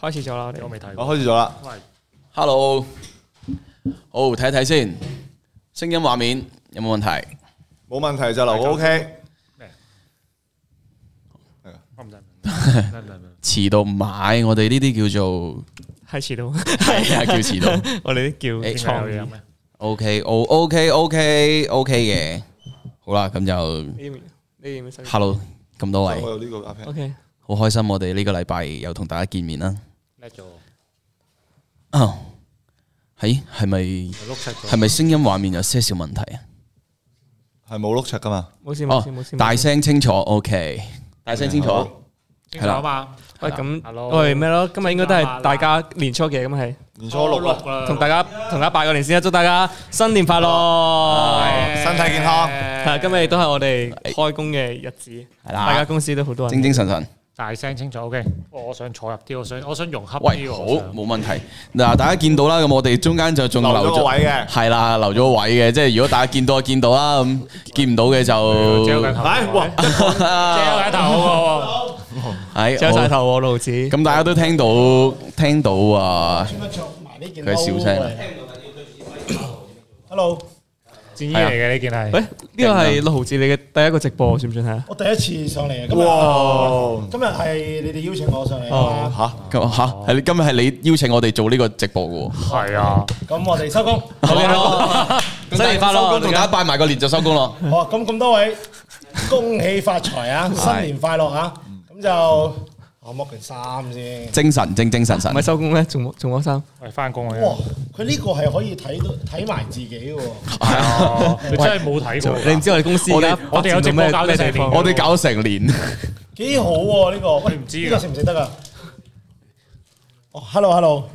開始咗啦，我未睇。我開始咗啦。喂，Hello，好睇一睇先，聲音畫面有冇問題？冇問題就留個 O K。咩？我唔得。遲到唔買，我哋呢啲叫做。係遲到。係啊，叫遲到。我哋啲叫。O K，O O K O K O K 嘅。好啦，咁就。Hello，咁多位。我有呢個 iPad。O K，好開心，我哋呢個禮拜又同大家見面啦。叻咗啊！喺係咪係咪聲音畫面有些少問題啊？係冇碌柒噶嘛？冇事冇事冇事。大聲清楚，OK。大聲清楚，係啦嘛。喂咁喂咩咯？今日應該都係大家年初幾咁係？年初六咯。同大家同大家拜個年先啦，祝大家新年快樂，身體健康。係今日亦都係我哋開工嘅日子。係啦，大家公司都好多人，精精神神。大聲清楚，OK。我想坐入啲，我想我想融合啲喎。好，冇問題。嗱，大家見到啦，咁我哋中間就仲留咗位嘅，係啦，留咗位嘅。即係如果大家見到就見到啦，咁見唔到嘅就遮曬頭。係哇，遮曬頭好喎，遮曬頭咯好似。咁大家都聽到聽到啊。佢笑聲。Hello。係嚟嘅呢件係，誒，呢個係六毫子，你嘅第一個直播算唔算係啊？我第一次上嚟嘅。今日今日係你哋邀請我上嚟啊嘛嚇。咁嚇，係你今日係你邀請我哋做呢個直播嘅喎，係啊，咁我哋收工，新年快樂，收工同大家拜埋個年就收工咯，好啊，咁咁多位恭喜發財啊，新年快樂啊，咁就。我剝件衫先，精神精精神神，唔係收工咩？仲仲攞衫，係翻工啊！哇，佢呢個係可以睇到睇埋自己喎，係啊，真係冇睇過。你唔知我哋公司我我哋有直播搞咗成年，我哋搞咗成年，幾好喎呢個，我唔知噶，食唔食得啊？哦，hello hello，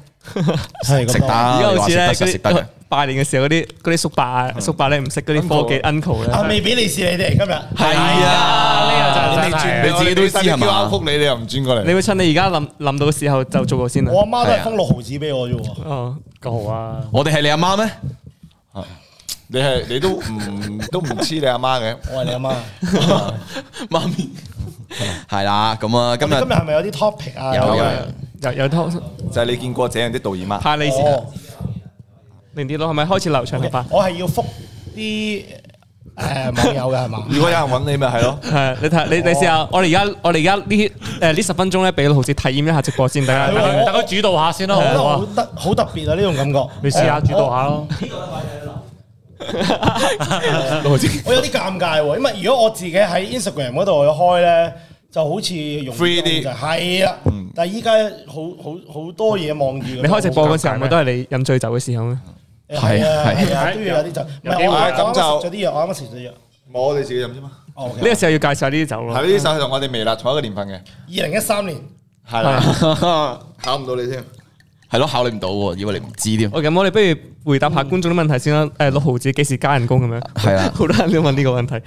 係食得，你話食得就食得嘅。拜年嘅時候，嗰啲嗰啲叔伯啊，叔伯咧唔識嗰啲科技 uncle 咧，未俾你試，你哋今日係啊，你自己都知叫，阿你你又唔轉過嚟，你會趁你而家諗諗到嘅時候就做過先，我阿媽都係封六毫子俾我啫，嗯九毫啊。我哋係你阿媽咩？你係你都唔都唔黐你阿媽嘅，我係你阿媽媽咪係啦。咁啊今日今日係咪有啲 topic 啊？有嘅，有有 topic 就係你見過這樣啲導演啊。零啲咯，係咪開始流暢嘅化？我係要覆啲誒網友嘅係嘛？如果有人揾你，咪係咯。係你睇你你試下，我哋而家我哋而家呢誒呢十分鐘咧，俾六毫子體驗一下直播先，大家主導下先咯，好特別啊！呢種感覺，你試下主導下咯。呢個係六毫子，我有啲尷尬，因為如果我自己喺 Instagram 嗰度去開咧，就好似用 3D 係啊，但係依家好好好多嘢望住。你開直播嗰時候，咪都係你飲醉酒嘅時候咩？係啊，都要有啲酒。唔係我啱啱食咗啲藥，我啱啱食藥。冇，我哋自己飲啫嘛。哦，呢個時候要介紹下呢啲酒咯。係呢啲酒係同我哋微辣，同一個年份嘅。二零一三年。係啊，考唔到你先。係咯，考你唔到，以為你唔知添。哦，咁我哋不如回答下觀眾嘅問題先啦。誒，六毫子幾時加人工咁樣？係啊，好多人都問呢個問題。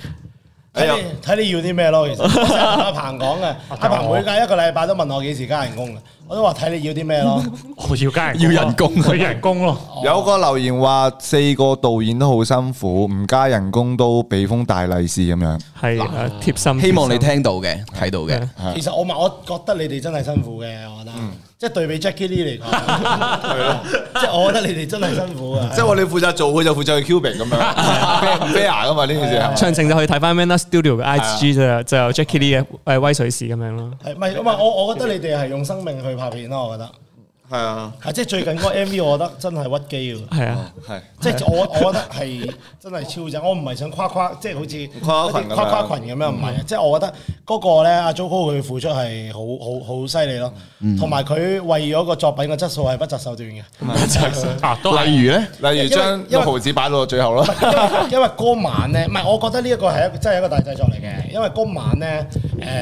睇你要啲咩咯，其實阿鵬講嘅，阿鵬每隔一個禮拜都問我幾時加人工嘅，我都話睇你要啲咩咯。我要加要人工，佢人工咯。有個留言話四個導演都好辛苦，唔加人工都俾封大利是咁樣，係貼心。希望你聽到嘅睇到嘅。其實我我覺得你哋真係辛苦嘅，我覺得。即係對比 Jackie Lee 嚟講，即係我覺得你哋真係辛苦啊！即係我哋負責做，佢就負責去 cubing 咁樣，fair 吖嘛呢件事。詳情就去睇翻 Manner Studio 嘅 IG，就就有 Jackie Lee 嘅誒威水史咁樣咯。係咪？唔係我我覺得你哋係用生命去拍片咯，我覺得。係啊，即係最近嗰個 MV，我覺得真係屈機啊！係啊，係，即係我我覺得係真係超正。我唔係想誇誇，即係好似誇誇群咁樣，唔係。即係我覺得嗰個咧，阿 Jo 哥佢付出係好好好犀利咯，同埋佢為咗個作品嘅質素係不擇手段嘅，不擇手段啊！例如咧，例如將六毫子擺到最後咯。因為嗰晚咧，唔係，我覺得呢一個係一真係一個大製作嚟嘅。因為嗰晚咧，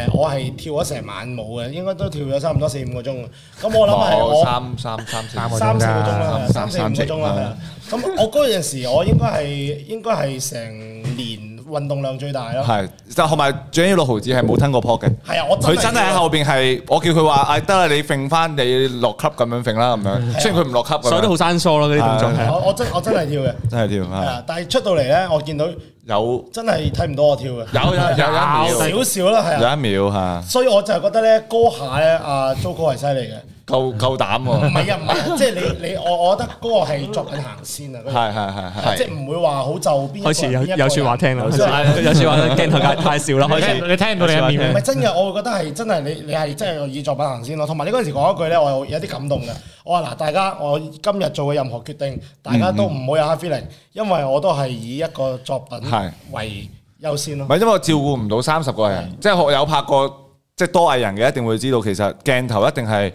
誒，我係跳咗成晚舞嘅，應該都跳咗差唔多四五個鐘。咁我諗係三三三四個鐘啦，三四個鐘啦，三四個鐘啦，係啊。咁我嗰陣時，我應該係應該係成年運動量最大咯。係，但係同埋主要六毫子係冇吞過波嘅。係啊，我佢真係喺後邊係，我叫佢話，哎得啦，你揈翻你落級咁樣揈啦，咁樣。雖然佢唔落級，所以都好生疏咯呢啲動作。我我真我真係跳嘅，真係跳。係啊，但係出到嚟咧，我見到有真係睇唔到我跳嘅，有有有有少少啦，係啊，有一秒吓。所以我就覺得咧，高下咧，阿糟哥係犀利嘅。夠夠膽喎！唔係啊，唔係啊，即係你你我我覺得嗰個係作品行先啊！係係係係，即係唔會話好就邊一句邊一句開始有有説話聽啦，開始有説話聽，鏡頭太太少啦，開始你聽唔到你話咩？唔係真嘅，我會覺得係真係你你係真係以作品行先咯。同埋你嗰陣時講一句咧，我有有啲感動嘅。我話嗱，大家我今日做嘅任何決定，大家都唔好有 hard feeling，因為我都係以一個作品為優先咯。唔係因為我照顧唔到三十個人，即係學有拍過即係多藝人嘅，一定會知道其實鏡頭一定係。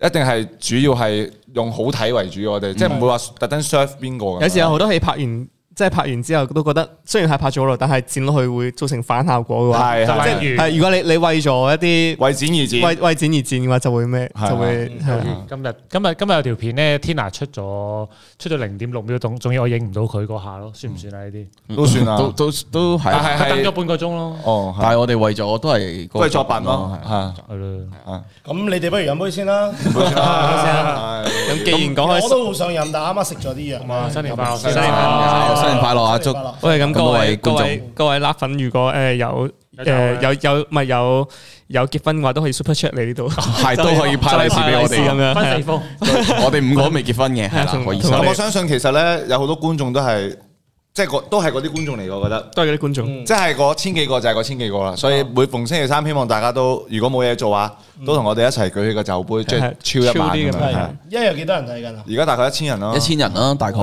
一定係主要係用好睇為主，我哋、嗯、即係唔會話特登 serve 邊個。有時候有好多戲拍完。即係拍完之後都覺得，雖然係拍咗好耐，但係剪落去會造成反效果嘅。係，即係如果你你為咗一啲為剪而剪，為為剪而剪嘅話，就會咩？就會今日今日今日有條片咧，Tina 出咗出咗零點六秒，仲仲要我影唔到佢嗰下咯，算唔算啊？呢啲都算啊，都都都係。等咗半個鐘咯。哦，但係我哋為咗都係為作品咯，咁你哋不如飲杯先啦。咁既然講開，我都好想飲，但啱啱食咗啲藥。新年新年新年快樂啊！祝，喂咁各位各位各位辣粉，如果誒有誒有有咪有有結婚嘅話，都可以 Super Chat 嚟呢度，派都的可以派利是俾我哋咁樣。我哋五個都未結婚嘅，係啦。 我相信其實咧，有好多觀眾都係。即係都係嗰啲觀眾嚟嘅。我覺得都係嗰啲觀眾。即係個千幾個就係個千幾個啦。所以每逢星期三，希望大家都如果冇嘢做啊，都同我哋一齊舉起個酒杯，即係 chill 吓咁樣。而家有幾多人嚟㗎啦？而家大概一千人啦，一千人啦，大概。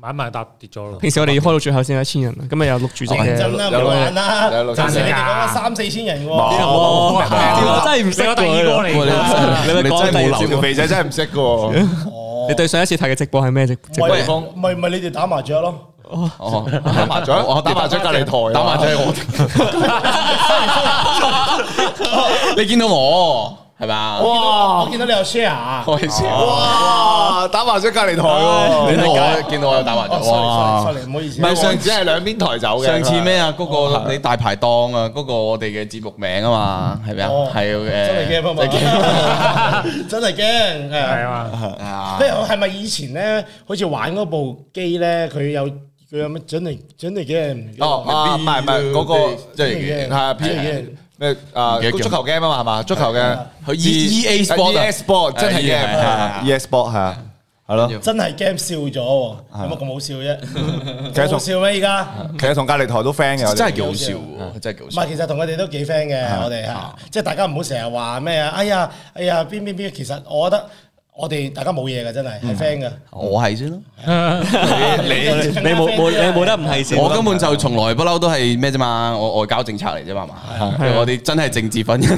慢慢搭跌咗啦。平時我哋要開到最後先有一千人，咁咪有六住主持啦，唔玩啦。你哋講個三四千人喎，真係唔識㗎。第二個嚟㗎，你咪講第二個肥仔真係唔識㗎。你對上一次睇嘅直播係咩直播？唔係唔係你哋打麻雀咯。哦，打麻雀，我打麻雀隔籬台，打麻雀我，你見到我係咪？哇，我見到你有 share，唔好意思。哇，打麻雀隔籬台喎，你見到我有打麻雀喎，唔好意思。唔係上次係兩邊台走嘅。上次咩啊？嗰個你大排檔啊，嗰個我哋嘅節目名啊嘛，係咪啊？係誒，真係驚，真係驚，真係驚，係啊。咩？係咪以前咧，好似玩嗰部機咧，佢有。佢有咩準備準備 game？哦，啊，唔係唔係嗰個即係係咩啊？足球 game 啊嘛，係嘛？足球嘅佢 E E A Sport，E A Sport 真係 game，E A Sport 係啊，係咯。真係 game 笑咗，有乜咁好笑啫？其實好笑咩？依家其實同隔籬台都 friend 嘅，真係幾好笑，真係幾好笑。唔係，其實同佢哋都幾 friend 嘅，我哋吓，即係大家唔好成日話咩啊？哎呀，哎呀，邊邊邊，其實我覺得。我哋大家冇嘢嘅真係，係 friend 嘅。我係先咯，你你冇冇你冇得唔係先？我根本就從來不嬲都係咩啫嘛，我外交政策嚟啫嘛嘛，我哋真係政治婚姻，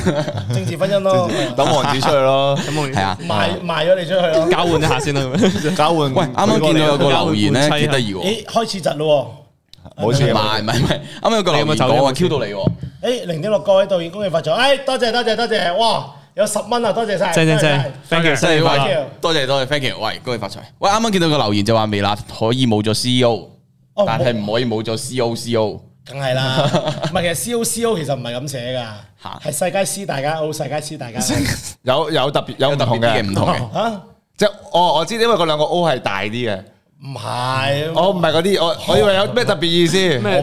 政治婚姻咯，等王子出去咯，係啊，賣賣咗你出去咯，交換一下先啦，交換。喂，啱啱見到有個留言咧，幾得意喎，誒，開始窒咯，冇事，唔係唔係唔係，啱啱有個留言，有個話 Q 到你？誒，零點六各位導演，恭喜發財，誒，多謝多謝多謝，哇！有十蚊啊！多謝晒，真真真，thank you，多謝多謝，thank you，喂，恭喜發財！喂，啱啱見到個留言就話微辣，可以冇咗 CEO，但係唔可以冇咗 COCO，梗係啦，唔係，其實 COCO 其實唔係咁寫噶，係世界 C 大家 O 世界 C 大家，有有特別有特別嘅唔同啊，即係我我知，因為嗰兩個 O 係大啲嘅。唔係，我唔係嗰啲，我我以為有咩特別意思，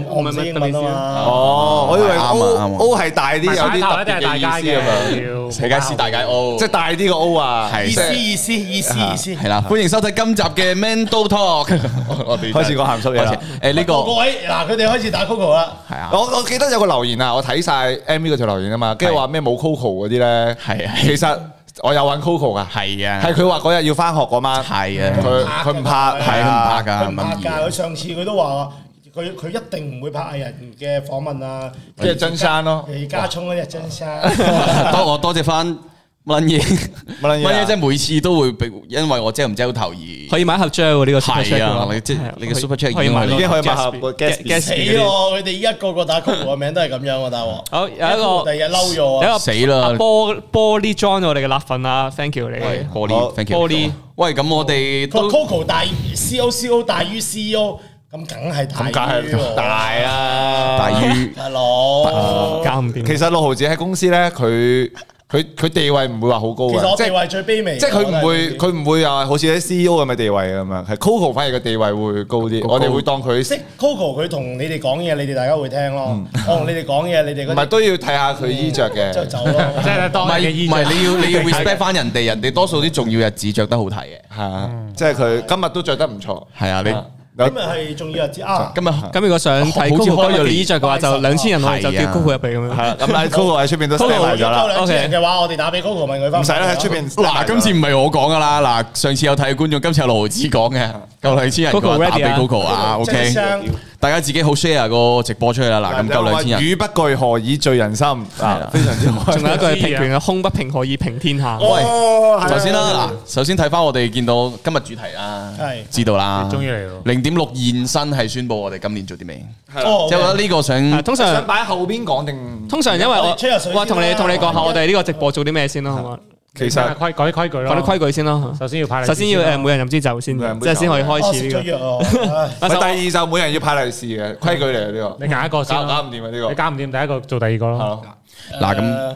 我唔係乜意思哦，我以為 O O 係大啲，有啲大意思咁師大師大解 O，即係大啲個 O 啊！意思意思意思意思，係啦，歡迎收睇今集嘅 Mando Talk，開始講鹹濕嘢啦。誒呢個各位嗱，佢哋開始打 Coco 啦，係啊，我我記得有個留言啊，我睇晒 MV 嗰條留言啊嘛，跟住話咩冇 Coco 嗰啲咧，係啊，其實。我有玩 Coco 噶，係啊，係佢話嗰日要返學嗰晚，係啊的，佢佢唔拍，係佢唔拍噶。唔拍架，佢上次佢都話，佢佢一定唔會拍藝人嘅訪問啊，即係真山咯、哦，而家沖嗰日真山。 多我多謝翻。乜嘢？乜嘢？即係每次都會被，因為我真係唔知到頭兒。可以買盒 J 喎，呢個 Super 係啊，即你嘅 Super Check 已經已經可以買盒。死咯！佢哋一個個打 Coco 嘅名都係咁樣啊，大王。好有一個，第日嬲咗有一啊，死啦！玻玻璃 join 咗我哋嘅辣粉啊，thank you 你。玻璃。thank you。玻璃，喂，咁我哋。Coco 大，C O C O 大於 C E O，咁梗係大。咁梗係大啊！大於。Hello 唔變？其實六毫子喺公司咧，佢。佢佢地位唔會話好高嘅，其實我地位最卑微。即係佢唔會佢唔會啊，好似喺 C E O 咁嘅地位咁樣。係 Coco 反而個地位會高啲，我哋會當佢識 Coco 佢同你哋講嘢，你哋大家會聽咯。我同你哋講嘢，你哋唔係都要睇下佢衣着嘅，即係走咯。唔係唔係，你要你要 respect 翻人哋，人哋多數啲重要日子着得好睇嘅，係啊，即係佢今日都着得唔錯，係啊你。今日係重要日子啊！今日咁如果想睇高富入嚟呢着嘅話，就兩千人去、啊、就叫高富入嚟咁樣。係咁、啊，阿高富喺出邊都收咗啦。O K 嘅話，Okay 我哋打俾高富問佢。唔使啦，喺出邊。嗱，今次唔係我講噶啦。嗱，上次有睇嘅觀眾，今次係六毫子講嘅。夠兩千人，打俾 Coco 啊！OK，大家自己好 share 個直播出去啦。嗱，咁夠兩千人。語不具何以醉人心？啊，非常之好。仲有一句平權嘅空不平何以平天下？喂，首先啦，嗱，首先睇翻我哋見到今日主題啦，係知道啦。終於嚟到零點六現身，係宣布我哋今年做啲咩？哦，即係覺得呢個想通常擺喺後邊講定。通常因為我話同你同你講下，我哋呢個直播做啲咩先啦，好唔好？其實規改啲規矩咯，改啲規矩先咯。首先要派，首先要誒，每人飲支酒先，即係先可以開始。食咗藥第二就每人要派利是嘅規矩嚟嘅，呢個你揀一個先，揀唔掂啊呢個。你揀唔掂，第一個做第二個咯。嗱咁。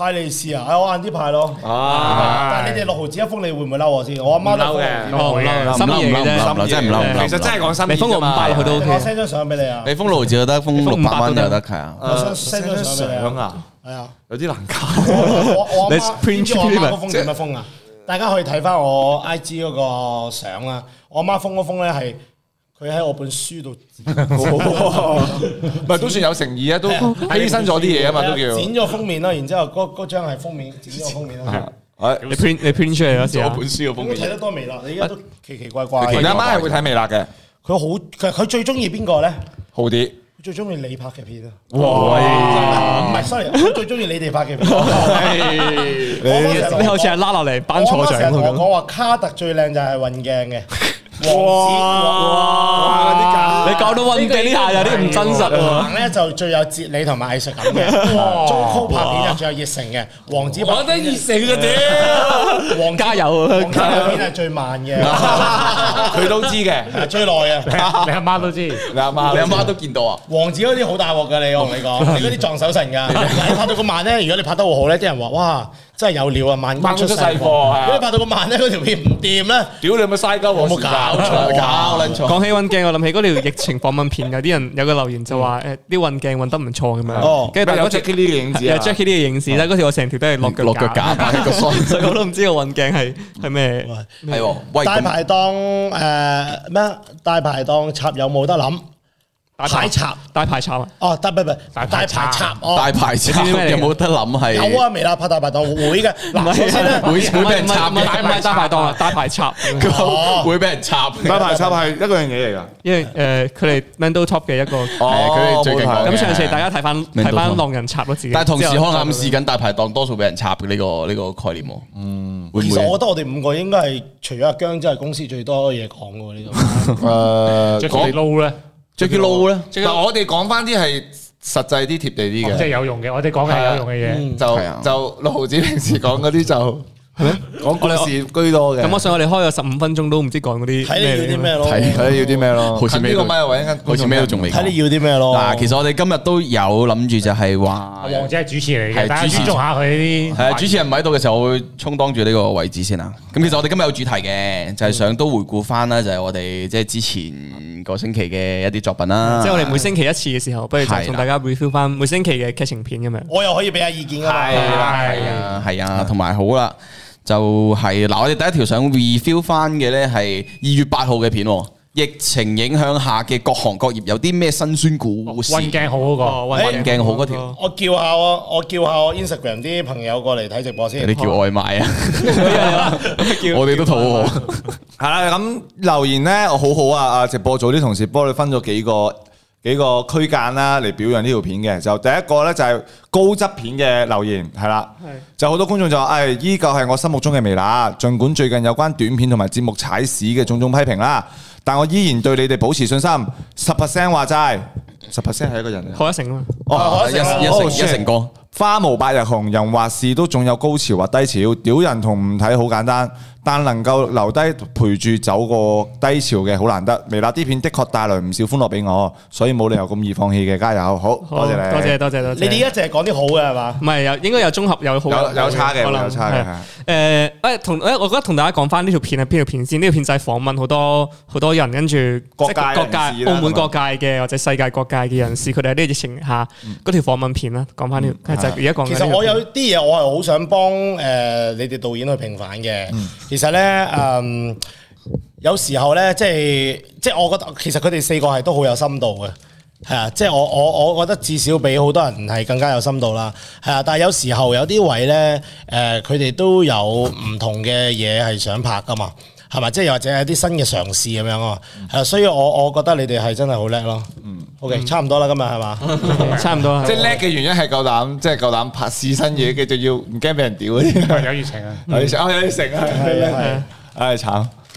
派利是啊！我晏啲派咯。啊！但你哋六毫紙一封，你會唔會嬲我先？我阿媽嬲嘅，唔會嬲？心意嬲，心意真係唔嬲，唔嬲。其實真係講心意嘛。我 send 張相俾你啊。你封六毫紙得封六百蚊就得係啊。send 張相啊。係啊。有啲難搞。我你係我阿媽點知我阿媽封點樣封啊？嗯、大家可以睇翻我 IG 嗰個相啦。我阿媽封嗰封咧係。佢喺我本書度，唔係都算有誠意啊！都犧牲咗啲嘢啊嘛，都叫剪咗封面啦。然之後嗰嗰張係封面，剪咗封面啦。係你編你編出嚟啊！Print, 做我本書嘅封面。我睇得多微辣，你而家都奇奇怪怪、啊。你阿媽係會睇微辣嘅。佢好，佢最中意邊個咧？豪啲，最中意你拍嘅片。哇！唔係哇 sorry，最中意你哋拍嘅片。你好似係拉落嚟頒錯獎我講話卡特最靚就係運鏡嘅。哇哇！你搞到温呢下有啲唔真實啊！呢就最有哲理同埋藝術感嘅。王子拍片就最有熱誠嘅，王子講得熱誠嘅屌，王家有王家片係最慢嘅，佢都知嘅，最耐嘅，你阿媽都知，你阿媽你阿媽都見到啊！王子嗰啲好大鑊㗎，你我同你講，你嗰啲撞手神㗎，拍到咁慢咧，如果你拍得好好咧，啲人話哇！真係有料啊！慢工出細貨啊！如果你拍到個慢咧，嗰條片唔掂咧？屌你咪嘥鳩黃時間，搞錯搞撚錯。講起運鏡，我諗起嗰條疫情訪問片㗎，啲人有個留言就話誒，啲運鏡運得唔錯咁樣。哦，跟住大家有 Jackie 呢個影子，有 Jackie 呢個影子啦。嗰條我成條都係落腳架，落腳架，所以我都唔知個運鏡係係咩，係喎。大排檔誒咩？大排檔插有冇得諗？大排插，大排插啊！哦，得，唔係大排插，大排插有冇得諗係？有啊，未啦，拍大排檔會嘅，會會俾人插啊！大排大排檔啊，大排插會俾人插。大排插係一個樣嘢嚟噶，因為誒，佢哋 Mandal top 嘅一個，佢哋最勁。咁上次大家睇翻，睇翻狼人插咯，自己但係同時可能試緊大排檔，多數俾人插嘅呢個呢個概念。嗯，其實我覺得我哋五個應該係除咗阿姜，真係公司最多嘢講嘅呢個。誒，即係你撈咧。最緊要 low 咧，我哋講翻啲係實際啲、貼地啲嘅，即係有用嘅。我哋講嘅係有用嘅嘢，就就六毫子平時講嗰啲就係咩，講嗰陣居多嘅。咁我想我哋開咗十五分鐘都唔知講嗰啲，睇你要啲咩咯？睇你要啲咩咯？好似咩個咪？又位一間，好似咩都仲未。睇你要啲咩咯？嗱，其實我哋今日都有諗住就係話，我只係主持嚟嘅，係尊重下佢啲。係啊，主持人唔喺度嘅時候，我會充當住呢個位置先啦。咁其實我哋今日有主題嘅，就係想都回顧翻啦，就係我哋即係之前。個星期嘅一啲作品啦，即係我哋每星期一次嘅時候，不如就同大家 review 翻每星期嘅劇情片咁樣的，天我又可以俾下意見咯，係啊，係啊，係啊，同埋的好啦，就係、是、嗱，我哋第一條想 review 翻嘅咧係二月八號嘅片。疫情影響下嘅各行各業有啲咩辛酸故事？運鏡好嗰、那個，運鏡好條、那個，我叫下我，我叫下我 Instagram 啲朋友過嚟睇直播先。你叫外賣啊？ 叫我哋都肚餓。係啦，咁、 嗯、留言呢，我好好啊！啊，直播組啲同事幫你分咗幾個幾個區間啦，嚟表揚呢條片嘅。就第一個呢，就係高質片嘅留言，係啦，的就好多觀眾就話，誒、哎，依舊係我心目中嘅微辣，盡管最近有關短片同埋節目踩屎嘅種種批評啦。但我依然對你哋保持信心，十 percent 話齋，十 percent 係一個人嚟，何一成啊嘛，哦，一成，哦、一成哥花無百日紅，人或事都仲有高潮或低潮，屌人同唔睇好簡單。但能夠留低陪住走過低潮嘅，好難得。微辣啲片的確帶來唔少歡樂俾我，所以冇理由咁易放棄嘅，加油！好，多謝你，多謝多謝多謝。你呢一集講啲好嘅係嘛？唔係，有應該有綜合有好有差嘅，有差嘅。誒，誒，同我覺得同大家講翻呢條片係邊條片先？呢條片就係訪問好多好多人，跟住各界、各界、澳門各界嘅或者世界各界嘅人士，佢哋喺呢個疫情下，嗰條訪問片啦，講翻呢條就而家講。其實我有啲嘢我係好想幫誒你哋導演去平反嘅。其實呢，誒、嗯、有時候呢，即係即係我覺得，其實佢哋四個係都好有深度嘅，係啊，即係我我我覺得至少比好多人係更加有深度啦，係啊，但係有時候有啲位呢，誒佢哋都有唔同嘅嘢係想拍㗎嘛。係嘛？即係又或者有啲新嘅嘗試咁樣啊，係，所以我我覺得你哋係真係好叻咯。嗯，OK，差唔多啦，今日係嘛？差唔多。即係叻嘅原因係夠膽，即係夠膽拍試新嘢，佢就要唔驚俾人屌嗰有熱情啊！有熱情啊！有熱情！啊！係啊！唉，慘。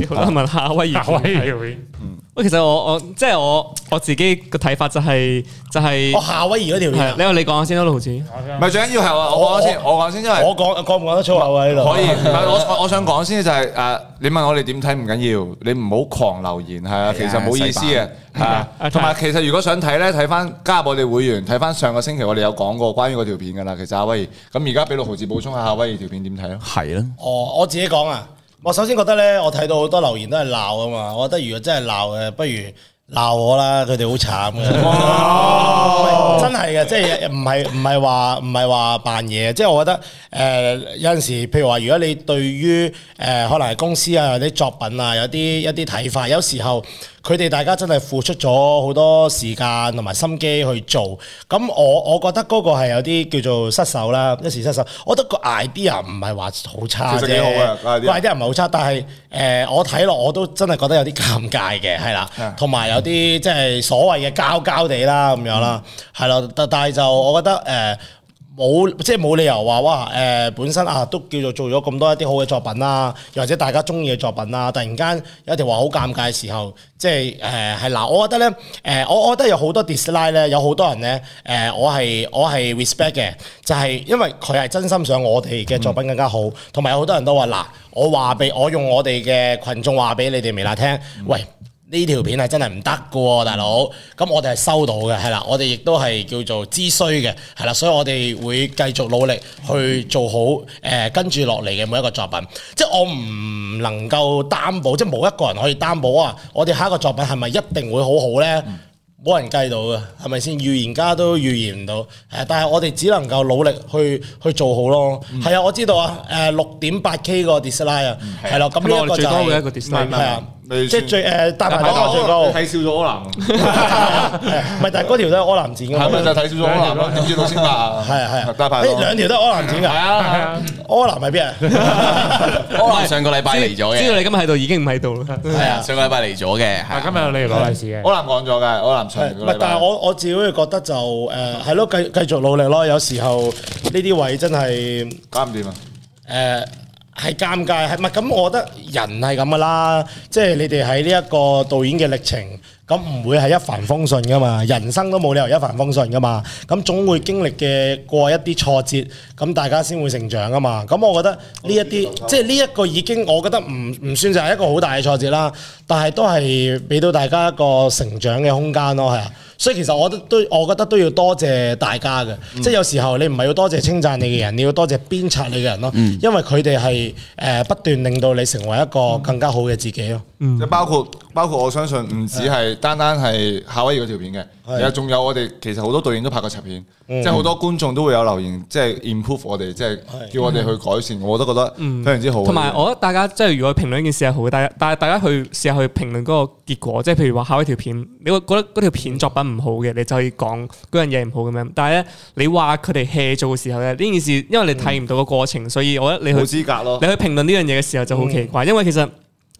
好多問下，威閪熱，好閪嗯。喂，其實我我即係我我自己嘅睇法就係、是、就係、是哦、夏威夷嗰條片，你話你講下先啦，六毫子。唔係最緊要係我我講先，我講先我因係我講講唔講得出夏威夷可以， 唔係我我，我想講先就係、是、誒，你問我哋點睇唔緊要，你唔好狂留言係啊，的其實冇意思啊。同埋其實如果想睇咧，睇翻，加入我哋會員，睇翻上個星期我哋有講過關於嗰條片噶啦。其實威夏威夷咁而家俾六毫子補充下夏威夷條片點睇咯？係啦的。哦，我自己講啊。我首先覺得咧，我睇到好多留言都係鬧啊嘛，我覺得如果真係鬧嘅，不如鬧我啦，佢哋好慘嘅哇， 真係嘅，即係唔係唔係話唔係話扮嘢，即係我覺得誒、呃、有陣時，譬如話如果你對於誒、呃、可能係公司啊或者作品啊有啲一啲睇法，有時候。佢哋大家真係付出咗好多時間同埋心機去做，咁我我覺得嗰個係有啲叫做失手啦，一時失手。我覺得個 idea 唔係話好差啫，idea 唔係好差，但係誒、呃、我睇落我都真係覺得有啲尷尬嘅，係啦，同埋、嗯、有啲即係所謂嘅膠膠地啦咁樣啦，係咯，但但係就我覺得誒、呃冇即係冇理由話哇誒、呃、本身啊都叫做做咗咁多一啲好嘅作品啦，又或者大家中意嘅作品啦，突然間有一條話好尷尬嘅時候，即係誒係嗱，我覺得呢，誒、呃、我我覺得有好多 dislike 呢，有好多人呢。誒、呃、我係我係 respect 嘅，就係、是、因為佢係真心想我哋嘅作品更加好，同埋好多人都話嗱，我話俾我用我哋嘅群眾話俾你哋微辣聽，喂。嗯呢條片係真係唔得嘅喎，大佬。咁我哋係收到嘅，係啦。我哋亦都係叫做知衰嘅，係啦。所以我哋會繼續努力去做好誒、呃、跟住落嚟嘅每一個作品。即係我唔能夠擔保，即係冇一個人可以擔保啊！我哋下一個作品係咪一定會好好呢？冇、嗯、人計到嘅，係咪先？預言家都預言唔到誒。但係我哋只能夠努力去去做好咯。係啊、嗯，我知道啊。誒、呃，六點八 K 個 dislike 啊，係咯。咁呢個就係。係啊。即係最誒，大排檔最高睇少咗柯南，係唔係？但係嗰條都係柯南展嘅嘛，係咪就睇少咗柯南？點知到先啊？係啊係啊，大排檔呢兩條都係柯南展噶，係啊。柯南喺邊啊？柯南上個禮拜嚟咗嘅，知道你今日喺度已經唔喺度啦。係啊，上個禮拜嚟咗嘅，但係今日你攞大事嘅。柯南講咗噶，柯南上唔係，但係我我自己覺得就誒係咯，繼繼續努力咯。有時候呢啲位真係講唔掂啊。誒。係尷尬，係咪？咁我覺得人係咁噶啦，即係你哋喺呢一個導演嘅歷程，咁唔會係一帆風順噶嘛。人生都冇理由一帆風順噶嘛。咁總會經歷嘅過一啲挫折，咁大家先會成長噶嘛。咁我覺得呢一啲，嗯、即係呢一個已經，我覺得唔唔算就係一個好大嘅挫折啦。但係都係俾到大家一個成長嘅空間咯，係啊。所以其實我都都我覺得都要多謝大家嘅，嗯、即係有時候你唔係要多謝稱讚你嘅人，你要多謝鞭策你嘅人咯，嗯、因為佢哋係誒不斷令到你成為一個更加好嘅自己咯。即、嗯、包括包括我相信唔止係單單係夏威夷嗰條片嘅。其實仲有我哋，其實好多導演都拍過插片，嗯、即係好多觀眾都會有留言，即係 improve 我哋，即係叫我哋去改善。我都覺得非常之好、嗯。同埋我覺得大家即係如果評論一件事係好嘅，但係但係大家去試下去評論嗰個結果，即係譬如話下一條片，你覺得嗰條片作品唔好嘅，你就可以講嗰樣嘢唔好咁樣。但係咧，你話佢哋 hea 做嘅時候咧，呢件事因為你睇唔到個過程，嗯、所以我覺得你冇資格咯。你去評論呢樣嘢嘅時候就好奇怪，嗯、因為其實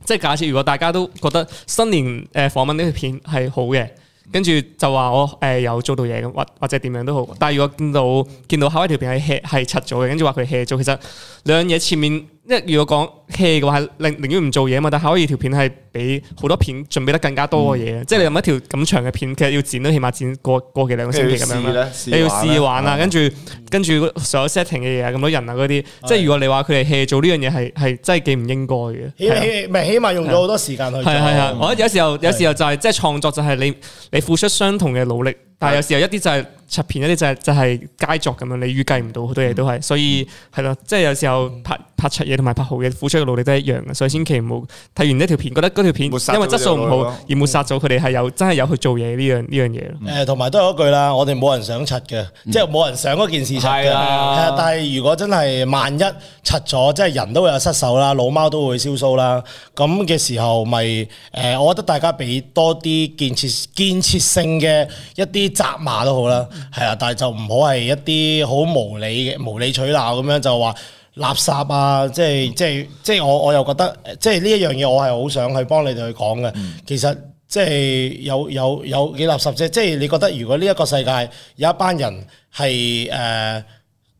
即係假設如果大家都覺得新年誒訪問呢條片係好嘅。跟住就話我誒有做到嘢咁，或或者點樣都好。但係如果見到見到下一條片係 hea 係柒咗嘅，跟住話佢 hea 咗，其實兩樣嘢前面。因為如果講 hea 嘅話，寧寧願唔做嘢啊嘛，但係可以條片係俾好多片準備得更加多嘅嘢，即係、嗯、你有一條咁長嘅片，其實要剪都起碼剪過過幾兩個星期咁樣你要試玩啊、嗯，跟住跟住所有 setting 嘅嘢，咁多人啊嗰啲，嗯、即係如果你話佢哋 hea 做呢樣嘢係係真係幾唔應該嘅，的的起起咪起碼用咗好多時間去。係係係，我覺得有時候有時候就係即係創作就係你你付出相同嘅努力。但係有時候一啲就係出片，一啲就係就係佳作咁樣，你預計唔到好多嘢都係，所以係咯、嗯，即係有時候拍拍出嘢同埋拍好嘢付出嘅努力都係一樣嘅，所以千祈唔好睇完呢條片覺得嗰條片因為質素唔好而抹殺咗佢哋係有真係有去做嘢呢樣呢樣嘢咯。同埋都係嗰句啦，我哋冇人想出嘅，嗯、即係冇人想嗰件事出嘅。嗯、但係如果真係萬一出咗，即係人都會有失手啦，老貓都會燒鬚啦。咁嘅時候咪誒、呃，我覺得大家俾多啲建設建設性嘅一啲，責罵都好啦，係啊，但係就唔好係一啲好無理嘅無理取鬧咁樣，就話垃圾啊！即係即係即係我我又覺得，即係呢一樣嘢，我係好想去幫你哋去講嘅。其實即係有有有幾垃圾啫？即係你覺得，如果呢一個世界有一班人係誒、呃、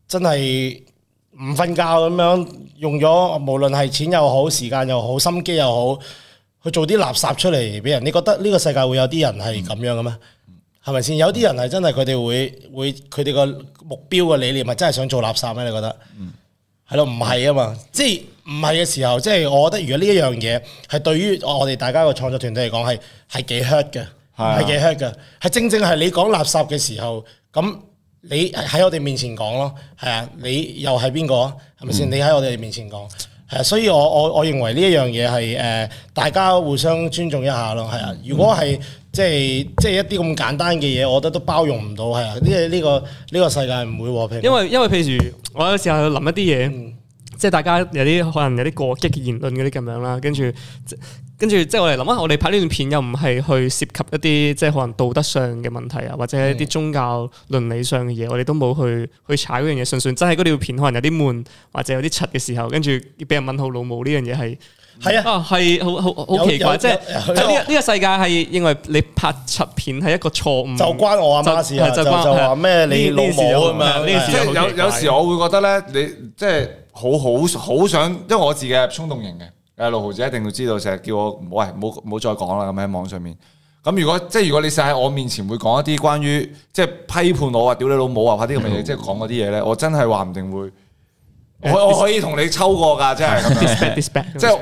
真係唔瞓覺咁樣，用咗無論係錢又好，時間又好，心機又好，去做啲垃圾出嚟俾人，你覺得呢個世界會有啲人係咁樣嘅咩？係咪先？有啲人係真係佢哋會會佢哋個目標嘅理念，咪真係想做垃圾咩？你覺得？嗯，係咯，唔係啊嘛。即係唔係嘅時候，即係我覺得，如果呢一樣嘢係對於我哋大家個創作團隊嚟講，係係幾 hurt 嘅，係幾 hurt 嘅。係正正係你講垃圾嘅時候，咁你喺我哋面前講咯，係啊，你又係邊個？係咪先？嗯，你喺我哋面前講，係啊，所以我我我認為呢一樣嘢係誒，大家互相尊重一下咯，係啊。如果係。嗯即係即係一啲咁簡單嘅嘢，我覺得都包容唔到，係啊！呢個呢個呢個世界唔會和平，因為因為譬如我有時候諗一啲嘢，嗯、即係大家有啲可能有啲過激言論嗰啲咁樣啦，跟住跟住即係我哋諗下，我哋拍呢段片又唔係去涉及一啲即係可能道德上嘅問題啊，或者一啲宗教倫理上嘅嘢，我哋都冇去去踩嗰樣嘢，純粹真係嗰條片可能有啲悶或者有啲柒嘅時候，跟住要俾人問好老母呢樣嘢係。係啊，啊係好好好奇怪，即係呢，呢個世界係認為你拍出片係一個錯誤，就關我阿媽事啊，就跟就話咩你老母啊嘛，即係的的有有時我會覺得咧，你即係好好好想，因為我自己係衝動型嘅，誒，六毫子一定要知道，成日叫我喂，唔好唔好再講啦，咁喺網上面。咁如果即係如果你成日喺我面前會講一啲關於即係批判我話屌你老母啊，或者啲咁嘅嘢，即係講嗰啲嘢咧，我真係話唔定會。我我可以同你抽過噶，即係，即係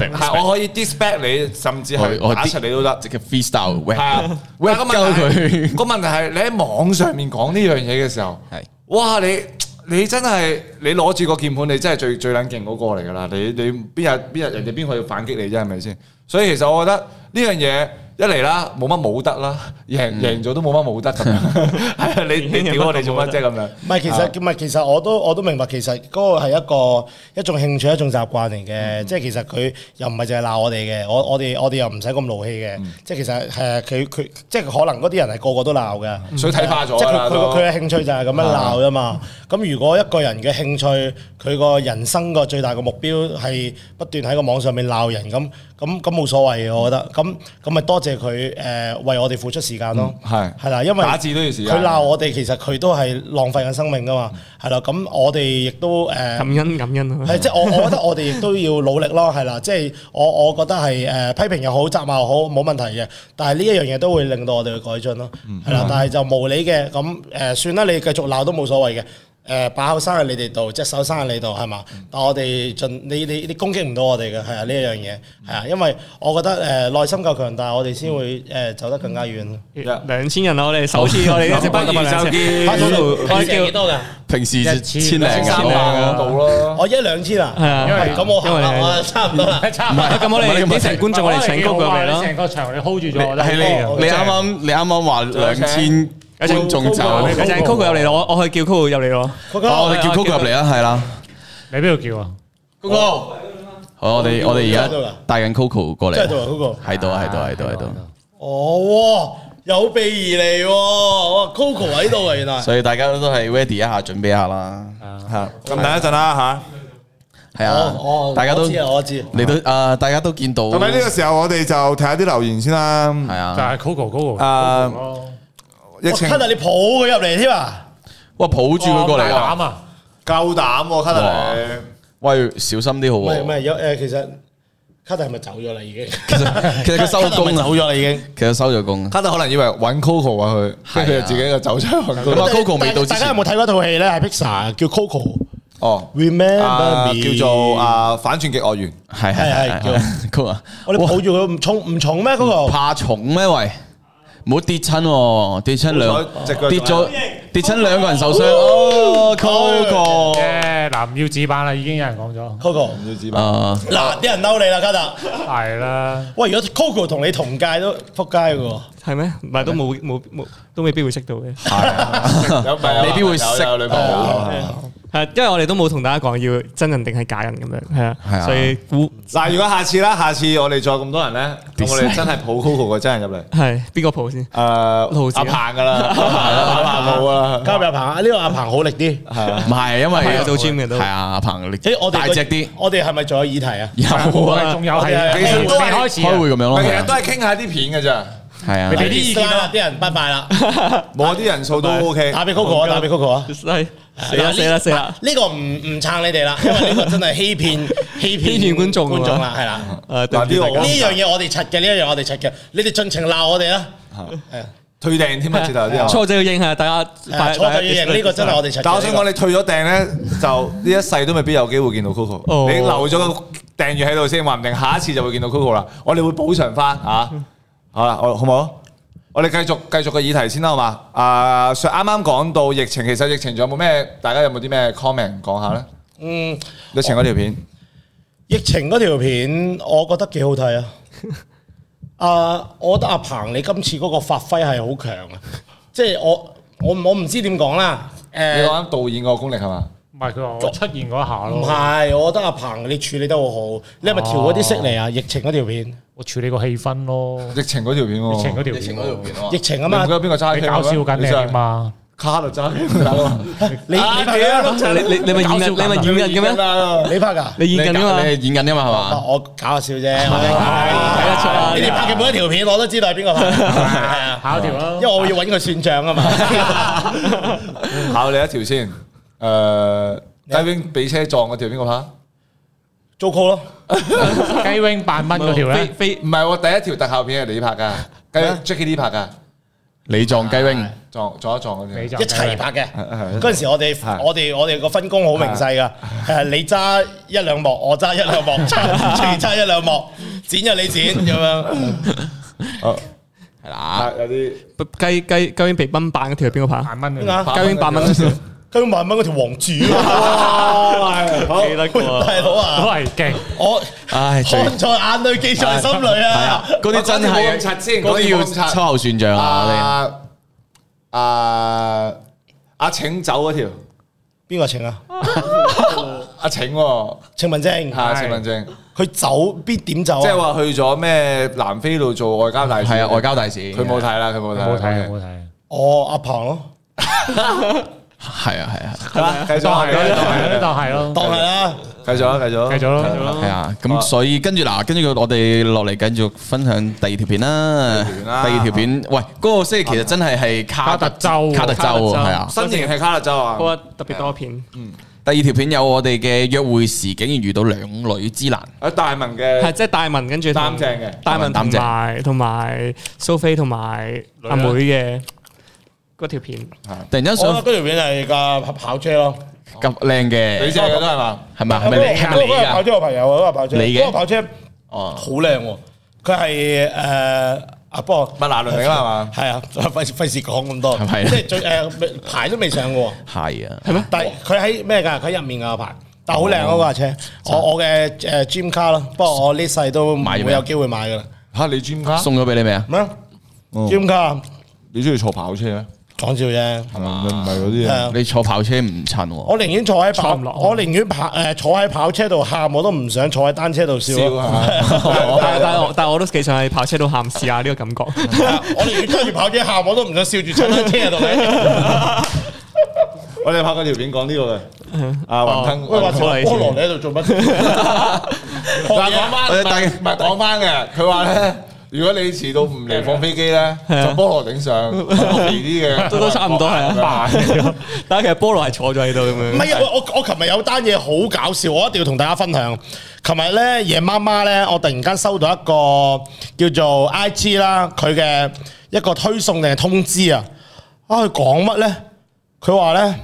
我可以 disband 你，甚至係打出你都得，即係 freestyle。係啊，咁佢。個問題係 你喺網上面講呢樣嘢嘅時候，係哇，你你真係你攞住個鍵盤，你真係最最撚勁嗰個嚟噶啦。你你邊日邊日人哋邊個要反擊你啫？係咪先？所以其實我覺得呢樣嘢。一嚟啦，冇乜冇得啦，贏贏咗都冇乜冇得咁、嗯、樣。係啊，你你屌我哋做乜啫咁樣？唔係 其實唔係其實我都我都明白，其實嗰個係一個一種興趣，一種習慣嚟嘅。嗯、即係其實佢又唔係淨係鬧我哋嘅，我我哋我哋又唔使咁勞氣嘅。嗯、即係其實誒，佢佢即係可能嗰啲人係個個都鬧嘅，所以睇化咗即係佢佢嘅興趣就係咁樣鬧吖嘛。咁、嗯、如果一個人嘅興趣，佢個人生個最大嘅目標係不斷喺個網上面鬧人咁。咁咁冇所謂嘅，我覺得咁咁咪多謝佢誒為我哋付出時間咯，係係啦，因為打字都要時間。佢鬧我哋，其實佢都係浪費緊生命噶嘛，係啦、嗯。咁我哋亦都誒感恩感恩咯。即係我我覺得我哋亦都要努力咯，係啦。即係我我覺得係誒批評又好，責罵又好，冇問題嘅。但係呢一樣嘢都會令到我哋去改進咯，係啦。嗯、的但係就無理嘅咁誒算啦，你繼續鬧都冇所謂嘅。誒把口生喺你哋度，隻手生喺你度，係嘛？但我哋盡你你你攻擊唔到我哋嘅，係啊呢一樣嘢，係啊，因為我覺得誒內心夠強大，我哋先會誒走得更加遠。兩千人咯，我哋首次我哋啲直播嘅收啲，主要平時千零千零嘅賭咯。我一兩千啊，係啊，咁我我差唔多啦，差唔多。咁我哋啲成觀眾哋請功嘅咪咯。成個場你 hold 住咗啦，係你啱啱你啱啱話兩千。一陣仲就，一陣 Coco 入嚟咯，我我去叫 Coco 入嚟咯。Coco，我哋叫 Coco 入嚟啊，係啦。喺邊度叫啊？Coco，好，我哋我哋而家帶緊 Coco 過嚟，喺度喺度，喺度，喺度。哦，有備而嚟喎，哇，Coco 喺度啊，原來。所以大家都都係 ready 一下，準備下啦。吓，咁等一陣啦，吓。係啊，大家都知啊，我知。嚟都，誒，大家都見到。咁喺呢個時候，我哋就睇下啲留言先啦。係啊，就係 Coco，Coco。哇！卡特你抱佢入嚟添啊！哇，抱住佢過嚟，夠膽啊！夠膽，卡特，喂，小心啲好啊！唔係有誒，其實卡特係咪走咗啦？已經，其實其實佢收工啦，好咗啦，已經，其實收咗工。卡特可能以為搵 Coco 啊佢，佢就自己就走咗咁啊，Coco 未到，大家有冇睇嗰套戲咧？係 Pixar 叫 Coco 哦 Remember 叫做啊，反轉極樂園，係係係。咁啊，我哋抱住佢唔重唔重咩？Coco 怕重咩？喂！冇跌親，跌親兩跌咗跌親兩個人受傷。哦，Coco，嗱，唔要紙板啦，已經有人講咗。Coco 唔要紙板。嗱，啲人嬲你啦，嘉達。係啦。喂，如果 Coco 同你同屆都撲街嘅喎。係咩？唔係都冇冇都未必會識到嘅。係。有未必會識。有女朋友。誒，因為我哋都冇同大家講要真人定係假人咁樣，係啊，所以估嗱。如果下次啦，下次我哋再咁多人咧，我哋真係抱 Coco 嘅真人入嚟，係邊個抱先？誒，阿鵬噶啦，阿鵬冇啦，交俾阿鵬啊，呢個阿鵬好力啲，唔係，因為做 team 嘅都係阿鵬力，誒，我哋大隻啲，我哋係咪仲有議題啊？有啊，仲有係都係開始開會咁樣咯，其實都係傾下啲片嘅咋。係啊，啲意見啲人失敗啦，我啲人數都 O K。打俾 Coco 啊，打俾 Coco 啊。死啦死啦死啦！呢個唔唔撐你哋啦，因為呢個真係欺騙欺騙觀眾觀眾啦，係啦。呢樣嘢我哋出嘅，呢一樣我哋出嘅，你哋盡情鬧我哋啦。退訂添啊，最後初錯字要應下大家。錯字呢個真係我哋出。就算我哋退咗訂咧，就呢一世都未必有機會見到 Coco。你留咗個訂住喺度先，話唔定下一次就會見到 Coco 啦。我哋會補償翻啊！好啦，我好冇，我哋繼續繼續個議題先啦，好嘛？啊、呃，上啱啱講到疫情，其實疫情仲有冇咩？大家有冇啲咩 comment 講下咧？嗯，疫情嗰條片，疫情嗰條片，我覺得幾好睇啊！啊， uh, 我覺得阿鵬你今次嗰個發揮係好強啊！ 即係我我我唔知點講啦，誒，你講導演個功力係嘛？唔係佢話出現嗰一下咯。唔係，我覺得阿彭你處理得好好。你係咪調嗰啲色嚟啊？疫情嗰條片，我處理個氣氛咯。疫情嗰條片，疫情嗰條片，疫情嗰條片，疫情啊嘛。唔記得邊個揸？搞笑緊嘛。卡度揸？你你屌！你你你咪你咪演緊嘅咩？你拍噶？你演緊你演緊啊嘛係嘛？我搞笑啫。睇得出。你哋拍嘅每一條片，我都知道係邊個拍。考條咯，因為我要揾佢算賬啊嘛。考你一條先。誒，雞 wing 俾車撞嗰條邊個拍？JoCo 咯，雞 wing 百蚊嗰條咧？唔係，我第一條特效片係你拍噶，Jackie 呢拍噶，你撞雞 wing 撞撞一撞嗰啲，一齊拍嘅。嗰陣時我哋我哋我哋個分工好明細噶，誒，你揸一兩幕，我揸一兩幕，揸揸一兩幕，剪就你剪咁樣。係啦，有啲雞雞雞 wing 俾蚊棒嗰條係邊個拍？百蚊啊，雞 wing 百蚊佢要萬蚊嗰條黃柱，係，好叻喎，大佬啊，都係勁，我，唉，看在眼裏，記在心裏啊，嗰啲真係啊，嗰啲，秋後算賬啊，我哋，啊，阿請走條，邊個請啊？阿請，陳文正，係，陳文正，去走邊點走即係話去咗咩？南非度做外交大使，啊，外交大使，佢冇睇啦，佢冇睇，冇睇，冇睇，哦，阿龐咯。係啊係啊，繼續咯，當係咯，當係啦，繼續啦，繼續，繼續咯，係啊。咁所以跟住嗱，跟住我哋落嚟，繼續分享第二條片啦。第二條片，喂，嗰個星期其實真係係卡特州，卡特州係啊，新型係卡特州啊，不過特別多片。嗯，第二條片有我哋嘅約會時，竟然遇到兩女之男。阿大文嘅係，即係大文跟住擔正嘅，大文擔正，同埋蘇菲，同埋阿妹嘅。嗰條片突然間想嗰條片係架跑車咯，咁靚嘅女仔嚟噶係嘛？係咪係咪你啊？嗰架跑車我朋友啊，嗰架跑車，嗰個跑車哦，好靚喎！佢係誒阿不過麥拿倫嚟㗎係嘛？係啊，費事費事講咁多，即係最誒牌都未上過，係啊，係咩？但係佢喺咩㗎？佢入面嘅牌，但係好靚嗰架車，我我嘅誒 dream car 咯，不過我呢世都買唔會有機會買㗎啦。吓，你 dream car 送咗俾你未啊？咩 dream car？你中意坐跑車咩？講笑啫，唔係啲你坐跑車唔襯喎，我寧願坐喺跑，我寧願跑坐喺、啊、跑車度喊，我都唔想坐喺單車度笑。但係我都幾想喺跑車度喊試下呢個感覺。我寧願跟住跑車喊，我都唔想笑住坐單車度。我哋拍過條片講、這個啊哦啊嗯、呢個嘅，阿雲吞菠蘿你喺度做乜？學阿媽唔係講翻嘅，佢話咧。如果你遲到唔嚟放飛機咧，就菠蘿頂上，平啲嘅都都差唔多係。但係其實菠蘿係坐咗喺度咁樣。唔係啊，我我琴日有單嘢好搞笑，我一定要同大家分享。琴日咧夜媽媽咧，我突然間收到一個叫做 IG 啦，佢嘅一個推送定係通知啊。啊，佢講乜咧？佢話咧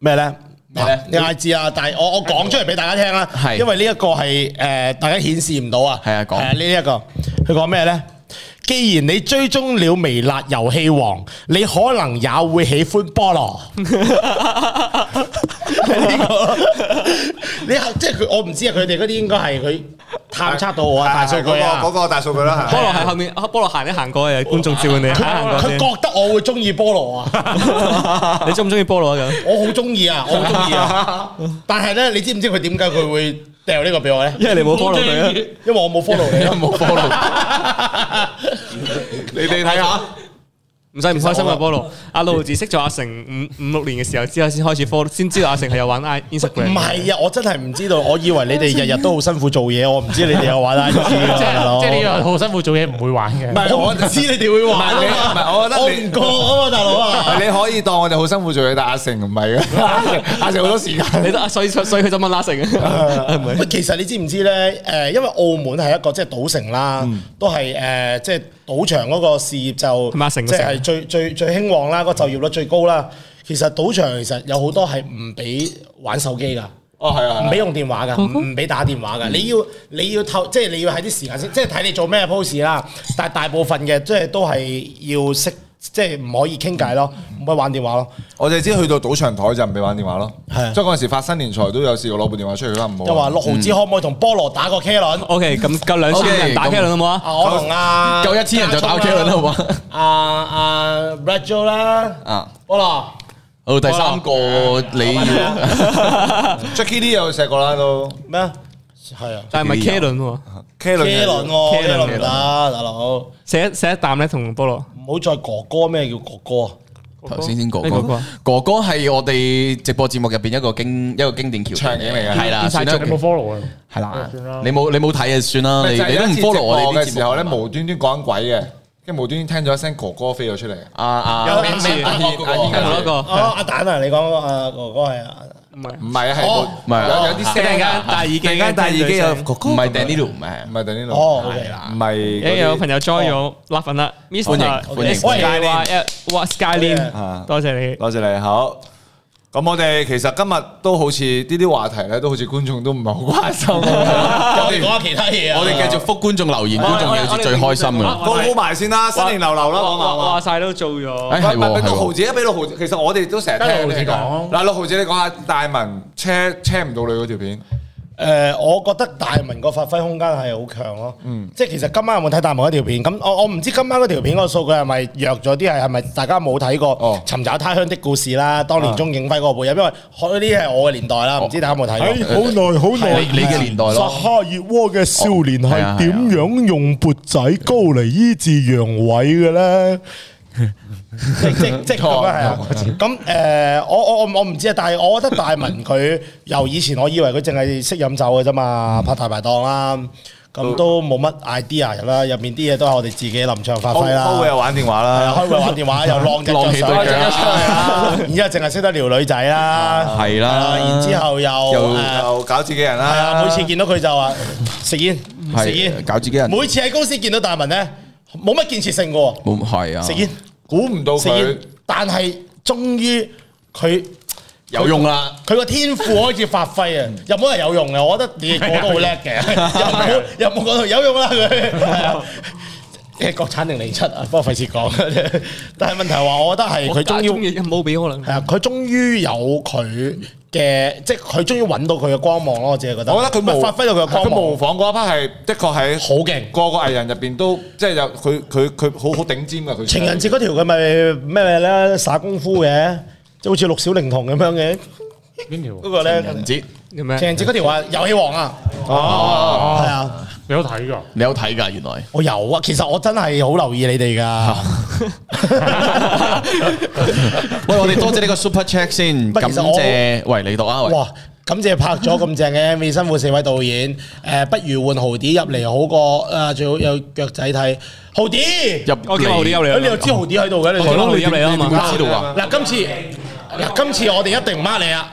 咩咧？你你知啊，但係我我講出嚟俾大家聽啦，因為呢一個係、呃、大家顯示唔到啊，係啊，講呢一個佢講咩呢？既然你追蹤了微辣遊戲王，你可能也會喜歡菠蘿。你即係佢，我唔知啊。佢哋嗰啲應該係佢探測到我大數據啊，嗰個大數據啦。菠蘿喺後面，菠蘿行一行過，有觀眾照你。佢覺得我會中意菠蘿啊？你中唔中意菠蘿啊？咁我好中意啊，我好中意啊。但係咧，你知唔知佢點解佢會掉呢個俾我咧？因為你冇 follow 佢啊，因為我冇 follow 你啊，冇 follow。你哋睇下，唔使唔開心啊！菠蘿，阿露自識咗阿成五五六年嘅時候之後，先開始 follow，先知道阿成係有玩 Instagram。唔係啊，我真係唔知道，我以為你哋日日都好辛苦做嘢，我唔知你哋有玩 Instagram。即係呢樣好辛苦做嘢，唔會玩嘅。唔係，我知你哋會玩唔係，我覺得我唔覺啊嘛，大佬啊，你可以當我哋好辛苦做嘢，但阿成唔係啊。阿成好多時間，所以所以佢就問阿成。其實你知唔知咧？誒，因為澳門係一個即係賭城啦，都係誒即係。賭場嗰個事業就即係最最最興旺啦，個就業率最高啦。其實賭場其實有好多係唔俾玩手機噶。哦係啊，唔俾用電話噶，唔俾、哦、打電話噶、嗯。你要、即係、你要透即係你要喺啲時間先，即係睇你做咩 pose 啦。但係大部分嘅即係都係要識。即係唔可以傾偈咯，唔可以玩電話咯。我哋只去到賭場台就唔俾玩電話咯。即係嗰陣時發新年財都有試攞部電話出去啦。唔好就話六毫子可唔可以同菠蘿打個 K 輪？O K，咁夠兩千人打 K 輪好冇啊？我同啊，夠一千人就打 K 輪好冇啊？阿 Rachel 啦，啊菠蘿，好，第三個你要 Jackie l e 食又過啦都咩啊？係啊，但係唔係 K 輪喎？車輪喎，車輪唔得，大佬。食一食一啖咧，同菠蘿。唔好再哥哥，咩叫哥哥？頭先先哥哥，哥哥係我哋直播節目入邊一個經一個經典橋段嚟噶，係啦。你冇 follow 啊？係啦，算啦。你冇你冇睇，就算啦。你你都唔 follow 我哋嘅時候咧，無端端講緊鬼嘅，跟住無端端聽咗一聲哥哥飛咗出嚟。啊啊，阿阿阿，冇一個。哦，阿蛋啊，你講阿哥哥係。唔係，係個唔係有有啲聲啊！戴耳機，戴耳機有唔係 Daniel 唔係，唔係 Daniel 哦，係啦，唔係有朋友 join 咗辣粉啦，Miss 歡迎，歡迎 Skyline，多謝你，多謝你，好。咁我哋其實今日都好似呢啲話題咧，都好似觀眾都唔係好關心。 我哋講下其他嘢，我哋繼續複觀眾留言，觀眾好似最開心嘅。都埋先啦，新年流流啦，好嘛？話晒都做咗。誒，六毫子，一俾六毫。其實我哋都成日聽六毫子講。嗱、欸，六毫子你講下大文車車唔到你嗰條片。誒， 我覺得大文個發揮空間係好強咯、嗯。嗯，即係其實今晚有冇睇大文嗰條片？咁我我唔知今晚嗰條片嗰個數據係咪弱咗啲？係係咪大家冇睇過《尋找他鄉的故事》啦？的當年鍾景輝嗰、那個部入，因為嗰啲係我嘅年代啦，唔、嗯、知大家有冇睇過？好耐好耐，嗯嗯、你嘅年代咯。撒、啊嗯、哈熱窩嘅少年係點樣用缽仔糕嚟醫治陽痿嘅呢？嗯 即即即咁樣係啊！咁誒、呃，我我我我唔知啊，但係我覺得大文佢由以前，我以為佢淨係識飲酒嘅啫嘛，拍大排檔啦，咁都冇乜 idea 啦，入面啲嘢都係我哋自己臨場發揮啦，開會又玩電話啦、啊。開會玩電話啦，開會玩電話又浪嘅浪嘅對然之後淨係識得撩女仔啦，係啦、啊啊啊，然之後又又、啊、又搞自己人啦。係啊，每次見到佢就話 食煙，食煙、啊、搞自己人。每次喺公司見到大文咧，冇乜建設性嘅，冇係言啊，食煙。估唔到佢，但係終於佢有用啦！佢個天賦開始發揮啊， 又冇係有，有用嘅，我覺得你我都好叻嘅，又冇講到有用啦佢，係啊，即 係國產定零零七啊，不過費事講。 但係問題話，我覺得係佢終於冇俾可能，係啊，佢 終於有佢。嘅，即係佢終於揾到佢嘅光芒咯，我淨係覺得。我覺得佢冇發揮到佢嘅光芒。佢模仿嗰一 part 係的確係好勁，個個藝人入邊都，即係有佢佢佢好好頂尖㗎。佢情人節嗰條，佢咪咩咧耍功夫嘅，即係好似六小齡童咁樣嘅邊條？嗰個咧情人節。喬治嗰條啊，遊戲王啊，哦，係啊，你有睇噶，你有睇噶原來，我有啊，其實我真係好留意你哋噶、啊。 喂，我哋多謝呢個 Super Check 先，感謝，喂，你讀啊，哇，感謝拍咗咁正嘅 MV，辛苦四位導演，誒，不如換豪啲入嚟好過，啊，最好有腳仔睇，豪啲入，我見豪啲入嚟，誒，你又知豪啲喺度嘅，知道你入嚟啊嘛，知道啊，嗱，今次，嗱，今次我哋一定唔 mark 你啊。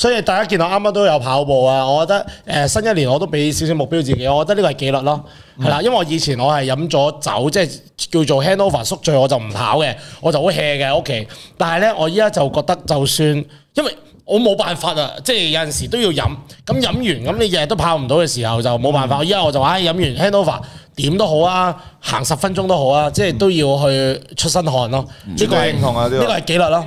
所以大家見到我啱啱都有跑步啊！我覺得誒、呃、新一年我都俾少少目標自己，我覺得呢個係紀律咯，係啦、嗯，因為我以前我係飲咗酒，即係叫做 handover 宿醉，我就唔跑嘅，我就好 hea 嘅喺屋企。但係呢，我依家就覺得，就算因為我冇辦法啊，即係有陣時都要飲。咁飲完咁你日日都跑唔到嘅時候，就冇辦法。我依家我就話飲、哎、完 handover 點都好啊，行十分鐘都好啊，即係都要去出身汗咯。呢、嗯、個認同啊，呢個呢個係紀律咯。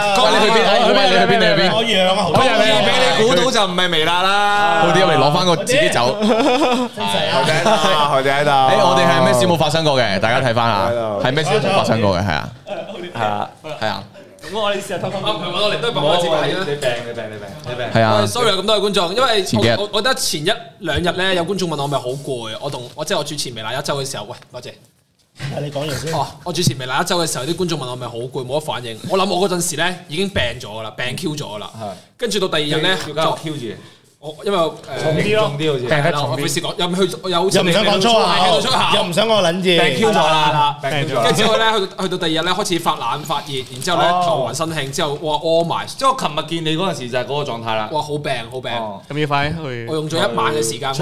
你去邊？你去邊？你去邊？我養啊！我二俾你估到就唔係微辣啦，好啲，我哋攞翻個自己走。好正，好正，好正啊！哎，我哋係咩事冇發生過嘅？大家睇翻啊，係咩事冇發生過嘅？係啊，係啊，係啊。咁我哋試下偷偷問下我哋都係白紙啊！你病，你病，你病，你病。係啊，sorry，有咁多位觀眾，因為我我覺得前一兩日咧有觀眾問我咪好攰，我同我即係我主持微辣一周嘅時候喂，多謝。你講完先。哦，我主持咪嚟一周嘅時候，啲觀眾問我咪好攰，冇乜反應。我諗我嗰陣時咧已經病咗啦，病 Q 咗啦。跟住到第二日咧，又 Q 住。我因為重啲咯，重啲。我每次講又去，又唔想講粗口，又唔想講撚字。病 Q 咗啦，病咗。跟住之後去到第二日咧，開始發冷發熱，然之後咧頭暈身㷫，之後哇屙埋。即係我琴日見你嗰陣時就係嗰個狀態啦。哇，好病好病。咁要快去。我用咗一晚嘅時間去。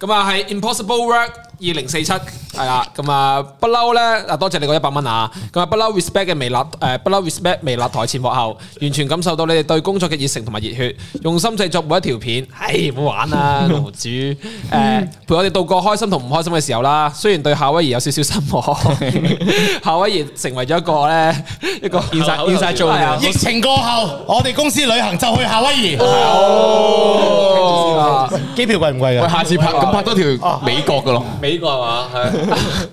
咁啊，係 Impossible Work 二零四七，係啦，咁啊不嬲咧，啊多謝你個一百蚊啊，咁啊不嬲 Respect 嘅微辣，誒不嬲 Respect 微辣台前幕後，完全感受到你哋對工作嘅熱誠同埋熱血，用心製作每一條片，唉，唔好玩啊，樓主，誒陪我哋度過開心同唔開心嘅時候啦，雖然對夏威夷有少少失望，夏威夷成為咗一個咧一個 inside inside joke 嘅，疫情過後，我哋公司旅行就去夏威夷，好，機票貴唔貴啊？下次拍。拍多條美國嘅咯、啊，美國係嘛，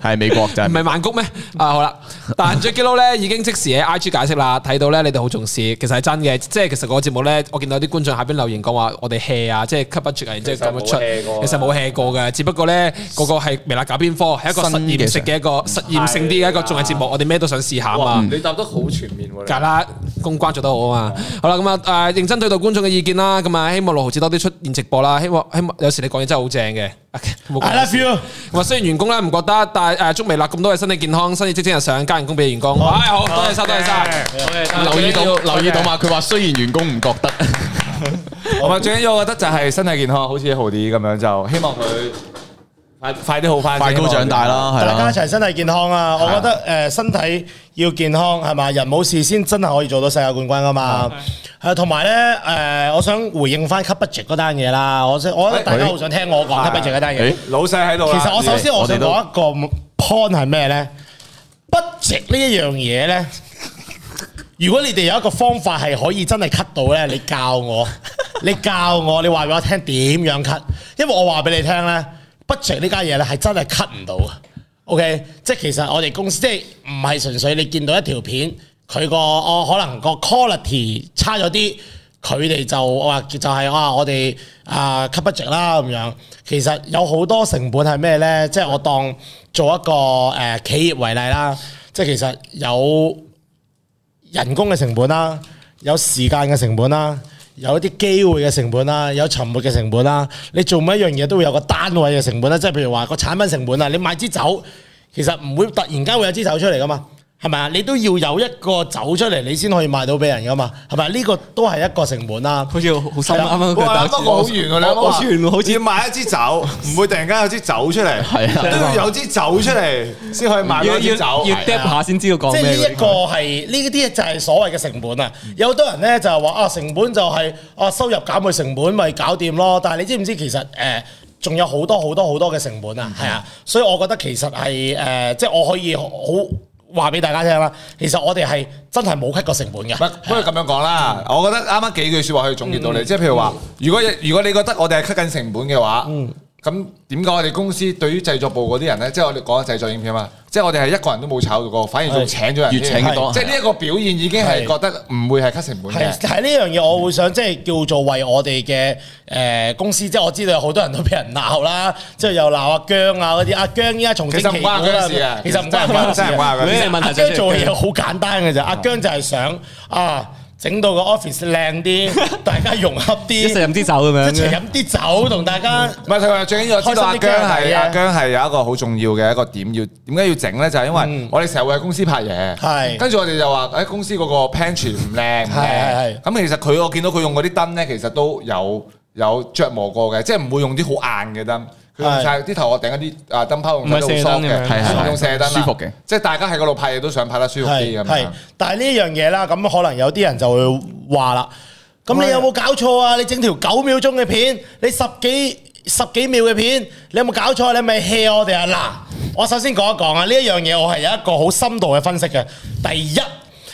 係美國就唔係曼谷咩？啊好啦，但 Jackie、er、Lou 咧已經即時喺 IG 解釋啦，睇到咧你哋好重視，其實係真嘅，即係其實個節目咧，我見到啲觀眾下邊留言講話我哋 hea 啊，即係吸 u 住啊，即係咁樣出，其實冇 hea 過嘅，過啊、只不過咧嗰個係微辣搞邊科，係的一個實驗式嘅一個實驗性啲嘅一個綜藝節目，我哋咩都想試下你答得好全面、啊，梗啦、嗯、公關做得好啊嘛，嗯、好啦咁啊，誒認真對待觀眾嘅意見啦，咁啊希望六毫子多啲出現直播啦，希望希望有時你講嘢真係好正嘅。I love you，我雖然員工咧唔覺得，但係誒祝微辣咁多嘅身體健康，生意蒸蒸日上，加人工俾員工。喂，好多謝晒，多謝晒。留意到留意到嘛？佢話雖然員工唔覺得，我最緊要我覺得就係身體健康，好似好啲咁樣，就希望佢。快快啲好翻，快高長大咯，係啦。大家一齊身體健康啊！我覺得誒，身體要健康係嘛，人冇事先真係可以做到世界冠軍噶嘛。係，同埋咧，誒，我想回應翻 cut budget 嗰單嘢啦。我我我覺得大家好想聽我講 cut budget 嗰單嘢。老細喺度啊。其實我首先我想講一個 point 係咩咧？budget 呢一樣嘢咧，如果你哋有一個方法係可以真係 cut 到咧，你教我，你教我，你話俾我聽點樣 cut。因為我話俾你聽咧。budget 呢家嘢咧係真係 cut 唔到啊，OK，即係其實我哋公司即係唔係純粹你見到一條片佢個我可能個 quality 差咗啲，佢哋就話就係、是、啊我哋啊 cut budget 啦咁樣，其實有好多成本係咩咧？即係我當做一個誒、呃、企業為例啦，即係其實有人工嘅成本啦，有時間嘅成本啦。有一啲機會嘅成本啦、啊，有沉沒嘅成本啦、啊。你做每一樣嘢都會有個單位嘅成本啦、啊。即係譬如話個產品成本啊，你買支酒，其實唔會突然間會有支酒出嚟㗎嘛。係咪啊？你都要有一個酒出嚟，你先可以賣到俾人噶嘛，係咪？呢個都係一個成本啦。好似好深，啱啱佢打字。好遠噶啦，我諗好似要買一支酒，唔會突然間有支酒出嚟。係都 要有支酒出嚟先可以買。要要要嗒下先知道講咩的的即係呢一個係呢啲就係所謂嘅成本啊！的有好多人咧就係話啊，成本就係啊，收入減去成本咪搞掂咯。但係你知唔知其實誒，仲有好多好多好多嘅成本啊？係啊，所以我覺得其實係誒，即係我可以好。 話俾大家聽啦，其實我哋係真係冇 cut 過成本嘅。不如咁樣講啦，嗯、我覺得啱啱幾句説話可以總結到你，即係、嗯、譬如話，如果如果你覺得我哋係 cut 緊成本嘅話，嗯咁點解我哋公司對於製作部嗰啲人咧，即係我哋講下製作影片啊嘛，即係我哋係一個人都冇炒過，反而仲請咗人，即係呢一個表現已經係覺得唔會係 cut 成本嘅。喺呢樣嘢，我會想即係叫做為我哋嘅誒公司，即係我知道有好多人都俾人鬧啦，即係又鬧阿姜啊嗰啲。阿姜依家從其實唔關佢事啊，其實唔關事，其實真係唔關事。阿姜做嘢好簡單嘅啫，阿姜就係想、嗯、啊。整到個 office 靚啲， 大家融合啲，一齊飲啲酒咁樣，一齊飲啲酒同大家。唔係， 同埋最緊要開心，阿姜係的阿姜係有一個好重要嘅一個點要，要點解要整咧？就係、是、因為我哋成日會喺公司拍嘢，係跟住我哋就話喺公司嗰個 pantry 唔靚，係係係。咁的、嗯、其實佢我見到佢用嗰啲燈咧，其實都有有着磨過嘅，即係唔會用啲好硬嘅燈。係，啲頭我頂一啲啊，燈泡用射燈嘅，用射燈舒服嘅，即係大家喺嗰度拍嘢都想拍得舒服啲咁樣。係，但係呢樣嘢啦，咁可能有啲人就會話啦，咁你有冇搞錯啊？你整條九秒鐘嘅片，你十幾十幾秒嘅片，你有冇搞錯？你係咪氣我哋啊？嗱，我首先講一講啊，呢一樣嘢我係有一個好深度嘅分析嘅，第一。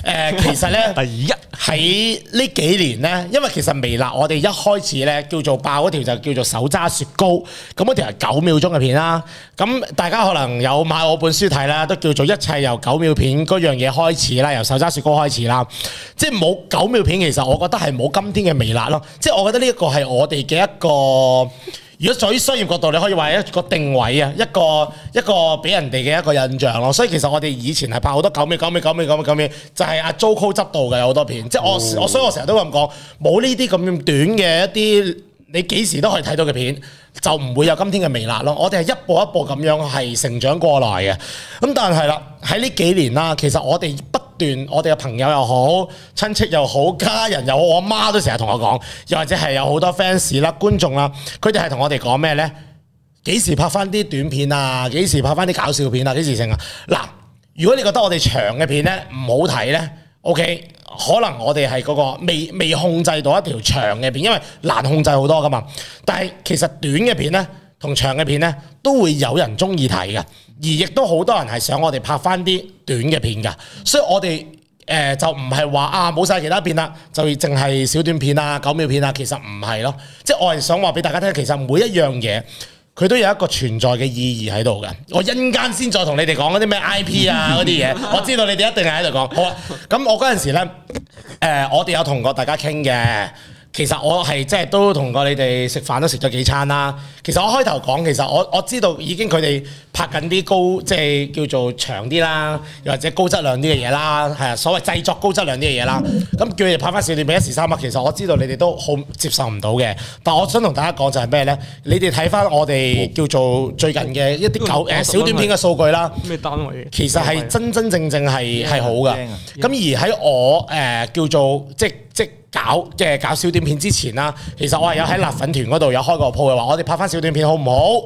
誒其實咧，第一喺呢幾年咧，因為其實微辣，我哋一開始咧叫做爆嗰條就叫做手揸雪糕，咁嗰條係九秒鐘嘅片啦。咁大家可能有買我本書睇啦，都叫做一切由九秒片嗰樣嘢開始啦，由手揸雪糕開始啦。即係冇九秒片，其實我覺得係冇今天嘅微辣咯。即係我覺得呢一個係我哋嘅一個。如果在於商業角度，你可以話一個定位啊，一個一個俾人哋嘅一個印象咯。所以其實我哋以前係拍好多九秒、九秒、九秒、九秒、九秒，就係、是、阿 Jojo 執導嘅有好多片。哦、即係我我所以我成日都咁講，冇呢啲咁短嘅一啲，你幾時都可以睇到嘅片，就唔會有今天嘅微辣咯。我哋係一步一步咁樣係成長過來嘅。咁但係啦，喺呢幾年啦，其實我哋。段我哋嘅朋友又好，親戚又好，家人又好，我阿媽都成日同我講，又或者係有好多 fans 啦、觀眾啦、啊，佢哋係同我哋講咩呢？幾時拍翻啲短片啊？幾時拍翻啲搞笑片啊？幾時成啊？嗱，如果你覺得我哋長嘅片呢，唔好睇呢，OK，可能我哋係嗰個未未控制到一條長嘅片，因為難控制好多噶嘛。但係其實短嘅片呢，同長嘅片呢，都會有人中意睇嘅。而亦都好多人係想我哋拍翻啲短嘅片噶，所以我哋誒、呃、就唔係話啊冇晒其他片啦，就淨係小短片啊、九秒片啊，其實唔係咯，即係我係想話俾大家聽，其實每一樣嘢佢都有一個存在嘅意義喺度嘅。我一陣間先再同你哋講嗰啲咩 IP 啊嗰啲嘢，我知道你哋一定係喺度講。好啊，咁我嗰陣時呢、呃，我哋有同過大家傾嘅。其實我係即係都同過你哋食飯都食咗幾餐啦。其實我開頭講，其實我我知道已經佢哋拍緊啲高即係叫做長啲啦，又或者高質量啲嘅嘢啦，係啊，所謂製作高質量啲嘅嘢啦。咁叫你拍翻小短片一時三刻，其實我知道你哋都好接受唔到嘅。但我想同大家講就係咩呢？你哋睇翻我哋叫做最近嘅一啲九誒小短片嘅數據啦。咩單位？其實係真真正正係係好㗎。咁、嗯嗯、而喺我誒、呃、叫做即。即係搞嘅搞小短片之前啦，其實我係有喺辣粉團嗰度有開個鋪嘅話，我哋拍翻小短片好唔好？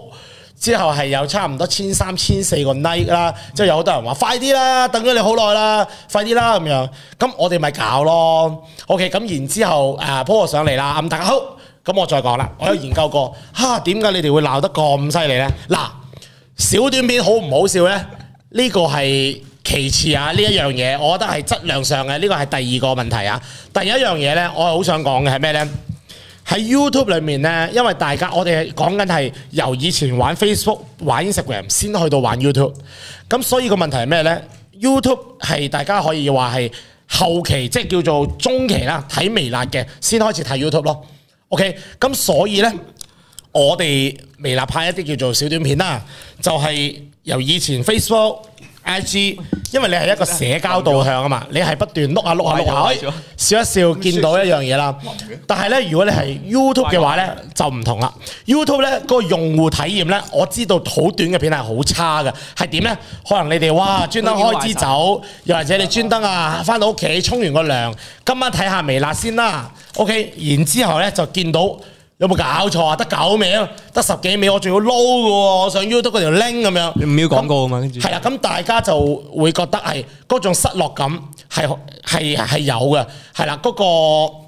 之後係有差唔多千三千四個 like 啦，即係有好多人話：快啲啦，等咗你好耐啦，快啲啦咁樣。咁我哋咪搞咯。OK，咁然之後誒 po 上嚟啦，咁大家好。咁我再講啦，我有研究過，嚇點解你哋會鬧得咁犀利呢？嗱，小短片好唔好笑呢？呢個係。其次啊，呢一樣嘢，我覺得係質量上嘅，呢個係第二個問題啊。第一樣嘢呢，我係好想講嘅係咩呢？喺 YouTube 裏面呢，因為大家我哋係講緊係由以前玩 Facebook、玩 Instagram 先去到玩 YouTube，咁所以個問題係咩呢？YouTube 係大家可以話係後期，即係叫做中期啦，睇微辣嘅先開始睇 YouTube 咯。OK，咁所以呢，我哋微辣派一啲叫做小短片啦，就係由以前 Facebook。I G，因為你係一個社交導向啊嘛，你係不斷碌下碌下碌下，哎、笑一笑見到一樣嘢啦。但係咧，如果你係 YouTube 嘅話咧，就唔同啦。YouTube 咧，嗰、嗰個用戶體驗咧，我知道好短嘅片係好差㗎，係點咧？可能你哋哇專登開支酒，又或者你專登啊翻到屋企沖完個涼，今晚睇下微辣先啦。OK，然之後咧就見到。有冇搞錯啊？得九秒，得十幾秒，我仲要撈嘅喎，我想要得嗰條 link 咁樣，唔要廣告啊嘛，係啦，咁大家就會覺得係嗰種失落感係，係係有嘅，係啦嗰個。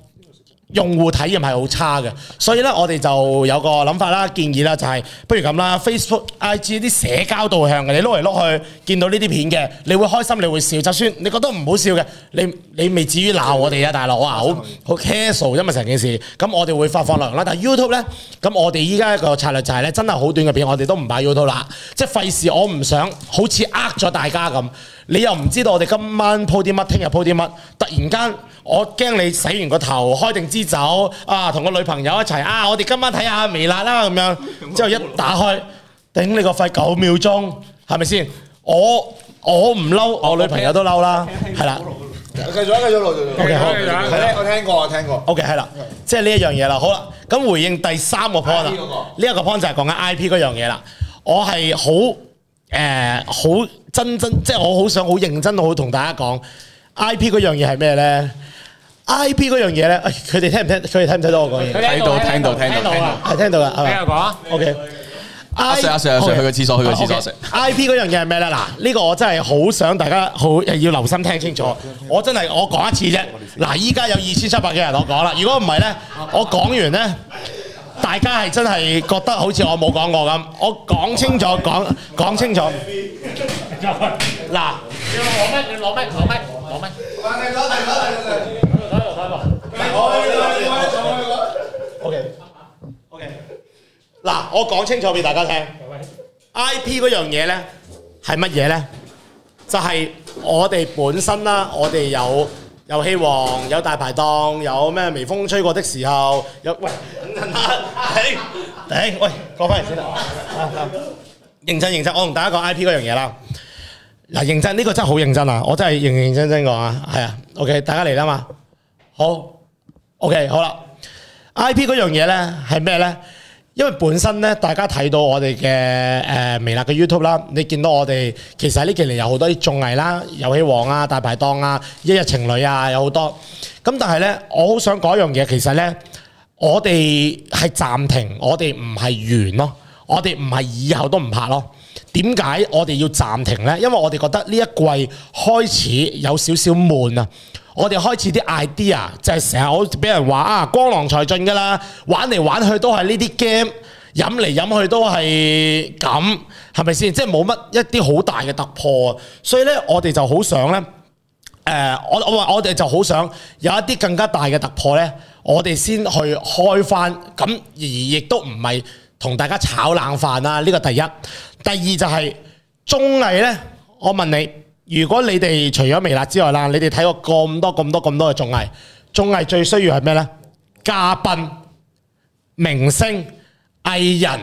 用戶體驗係好差嘅，所以呢，我哋就有個諗法啦，建議啦就係不如咁啦，Facebook、IG 啲社交導向嘅，你碌嚟，碌去見到呢啲片嘅，你會開心，你會笑，就算你覺得唔好笑嘅，你你未至於鬧我哋啊，大佬我好好 casual 因為成件事，咁我哋會發放內容啦，但係 YouTube 呢，咁我哋依家一個策略就係呢：真係好短嘅片我哋都唔擺 YouTube 啦，即係費事我唔想好似呃咗大家咁，你又唔知道我哋今晚鋪啲乜，聽日鋪啲乜，突然間。我驚你洗完個頭，開定支酒啊，同個女朋友一齊啊，我哋今晚睇下微辣啦咁樣，之後一打開，頂你個肺九秒鐘，係咪先？我我唔嬲，我女朋友都嬲啦，係啦。繼續繼續繼續 O K，好，我聽過，我聽過。O K，係啦，Okay. 即係呢一樣嘢啦。好啦，咁回應第三個 point 啦。呢一個 point 就係講緊 I P 嗰樣嘢啦。我係好誒，好真真，即係我好想好認真，好同大家講。I P 嗰樣嘢係咩咧？I P 嗰樣嘢咧，佢、哎、哋聽唔聽？佢哋聽唔聽到我講嘢？聽到聽到聽到聽到，係聽到啦。聽我講啊！O K，阿 Sir 阿 Sir 阿 Okay . Sir 去個廁所，去個廁所食。I P 嗰樣嘢係咩咧？嗱，呢、呢個我真係好想大家好要留心聽清楚。我真係我講一次啫。嗱，依家有二千七百幾人我講啦。如果唔係咧，我講完咧，大家係真係覺得好似我冇講過咁。我講清楚，講講清楚。嗱， 要攞咩？你攞咩？攞咩？我哋攞題，攞題，攞題，攞題，攞題，攞題，攞題。O K，O K。嗱，我講清楚俾大家聽。I P 嗰樣嘢咧係乜嘢咧？就係我哋本身啦，我哋有遊戲王，有大排檔，有咩微風吹過的時候，有喂，等陣啦，嚟嚟，喂，講翻嚟先啦。認真認真，我同大家講 I P 嗰樣嘢啦。嗱，認真呢、呢個真係好認真啊！我真係認認真真講啊，係啊，OK，大家嚟啦嘛，好，OK，好啦，IP 嗰樣嘢呢，係咩呢？因為本身呢，大家睇到我哋嘅誒微辣嘅 YouTube 啦，你見到我哋其實呢幾年有好多啲綜藝啦、遊戲王啊、大排檔啊、一日情侶啊，有好多。咁但係呢，我好想講一樣嘢，其實呢，我哋係暫停，我哋唔係完咯，我哋唔係以後都唔拍咯。點解我哋要暫停呢？因為我哋覺得呢一季開始有少少悶啊！我哋開始啲 idea 就係成日好俾人話啊，光狼才盡噶啦，玩嚟玩去都係呢啲 game，飲嚟飲去都係咁，係咪先？即係冇乜一啲好大嘅突破。所以呢、呃，我哋就好想呢，誒，我我話我哋就好想有一啲更加大嘅突破呢。我哋先去開翻。咁而亦都唔係。同大家炒冷飯啊！呢個第一，第二就係綜藝呢。我問你，如果你哋除咗微辣之外啦，你哋睇過咁多、咁多、咁多嘅綜藝，綜藝最需要係咩呢？嘉賓、明星、藝人、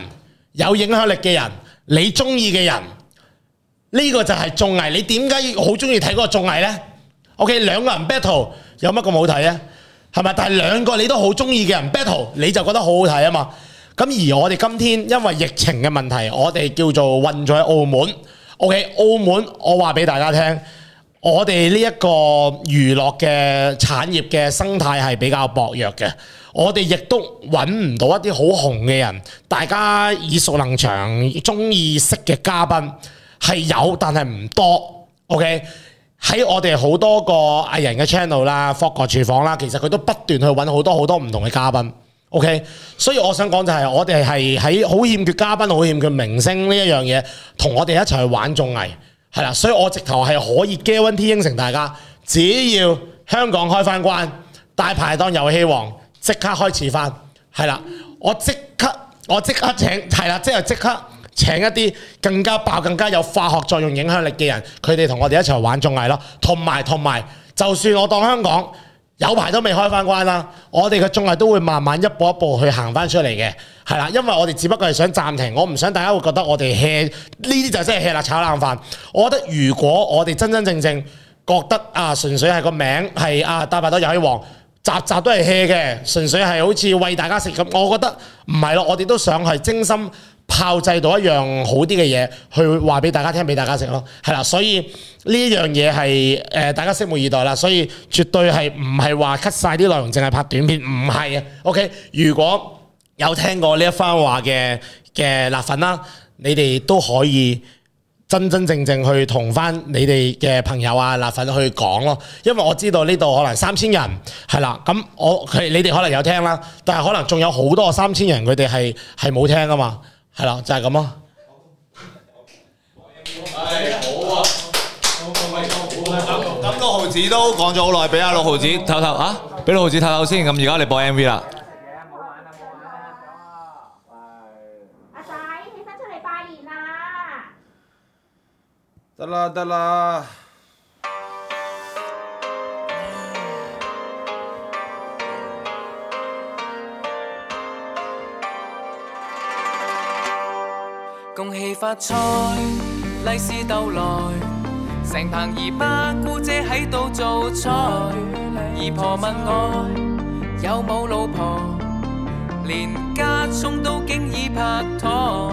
有影響力嘅人，你中意嘅人，呢個就係綜藝。你點解好中意睇嗰個綜藝呢？OK，兩個人 battle 有乜咁好睇呢？係咪？但係兩個你都好中意嘅人 battle，你就覺得好好睇啊嘛。咁而我哋今天因為疫情嘅問題，我哋叫做運咗澳門。OK，澳門我話俾大家聽，我哋呢一個娛樂嘅產業嘅生態係比較薄弱嘅。我哋亦都揾唔到一啲好紅嘅人，大家耳熟能詳中意識嘅嘉賓係有，但係唔多。O K，喺我哋好多個藝人嘅 channel 啦、霍哥廚房啦，其實佢都不斷去揾好多好多唔同嘅嘉賓。O、okay, K，所以我想講就係我哋係喺好欠缺嘉賓，好欠缺明星呢一樣嘢，同我哋一齊去玩綜藝，係啦。所以我直頭係可以 guarantee 應承大家，只要香港開翻關，大排檔遊戲王即刻開始翻，係啦。我即刻，我即刻請係啦，即係即刻請一啲更加爆、更加有化學作用、影響力嘅人，佢哋同我哋一齊玩綜藝咯。同埋同埋，就算我當香港，有排都未開翻關啦，我哋嘅眾藝都會慢慢一步一步去行翻出嚟嘅。係啦，因為我哋只不過係想暫停，我唔想大家會覺得我哋 hea 呢啲，就真係 hea 啦，炒冷飯。我覺得如果我哋真真正正覺得純啊，純粹係個名係啊大白兔遊戲王，集集都係 hea 嘅，純粹係好似餵大家食咁，我覺得唔係咯，我哋都想係精心。炮製到一樣好啲嘅嘢，去話俾大家聽，俾大家食咯，係啦，所以呢樣嘢係誒大家拭目以待啦，所以絕對係唔係話 cut 曬啲內容，淨係拍短片，唔係啊。OK，如果有聽過呢一翻話嘅嘅辣粉啦，你哋都可以真真正正去同翻你哋嘅朋友啊、辣粉去講咯，因為我知道呢度可能三千人係啦，咁我係你哋可能有聽啦，但係可能仲有好多三千人佢哋係係冇聽啊嘛。係啦，就係咁咯。係好啊，我 個位到啦，咁多毫子都講咗好耐，俾阿六毫子唞唞啊，俾六毫子唞唞先。咁而家你播 MV 啦。阿仔、啊、起身出嚟拜年啦！得啦得啦。恭喜發財，利是逗來，成棚姨媽姑姐喺度做菜。姨 婆問我有冇老婆？連家充都經已拍拖。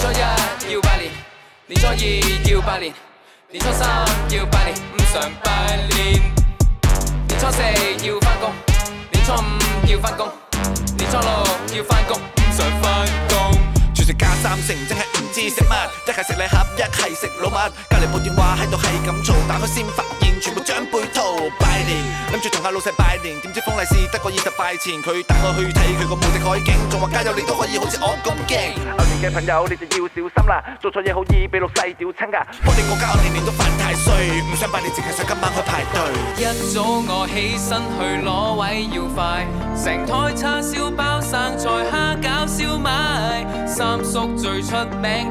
年初一要拜年，年初二要拜年，年初三要拜年，唔常拜年。年初四要返工，年初五要返工，年初六要返工，唔常返工。全食加三成，即係。食乜？一係食禮盒，一係食老麥。隔籬部電話喺度係咁嘈，打開先發現全部長輩圖拜年，諗住同阿老細拜年，點知封利是得個二十塊錢。佢帶我去睇佢個無敵海景，仲話加油你都可以好似我咁勁。牛年嘅朋友你就要小心啦，做錯嘢好易俾老細屌親噶。我哋國家年年都犯太歲，唔想拜年淨係想今晚去排隊。一早我起身去攞位要快，成台叉燒包、生菜蝦餃、燒賣，三叔最出名。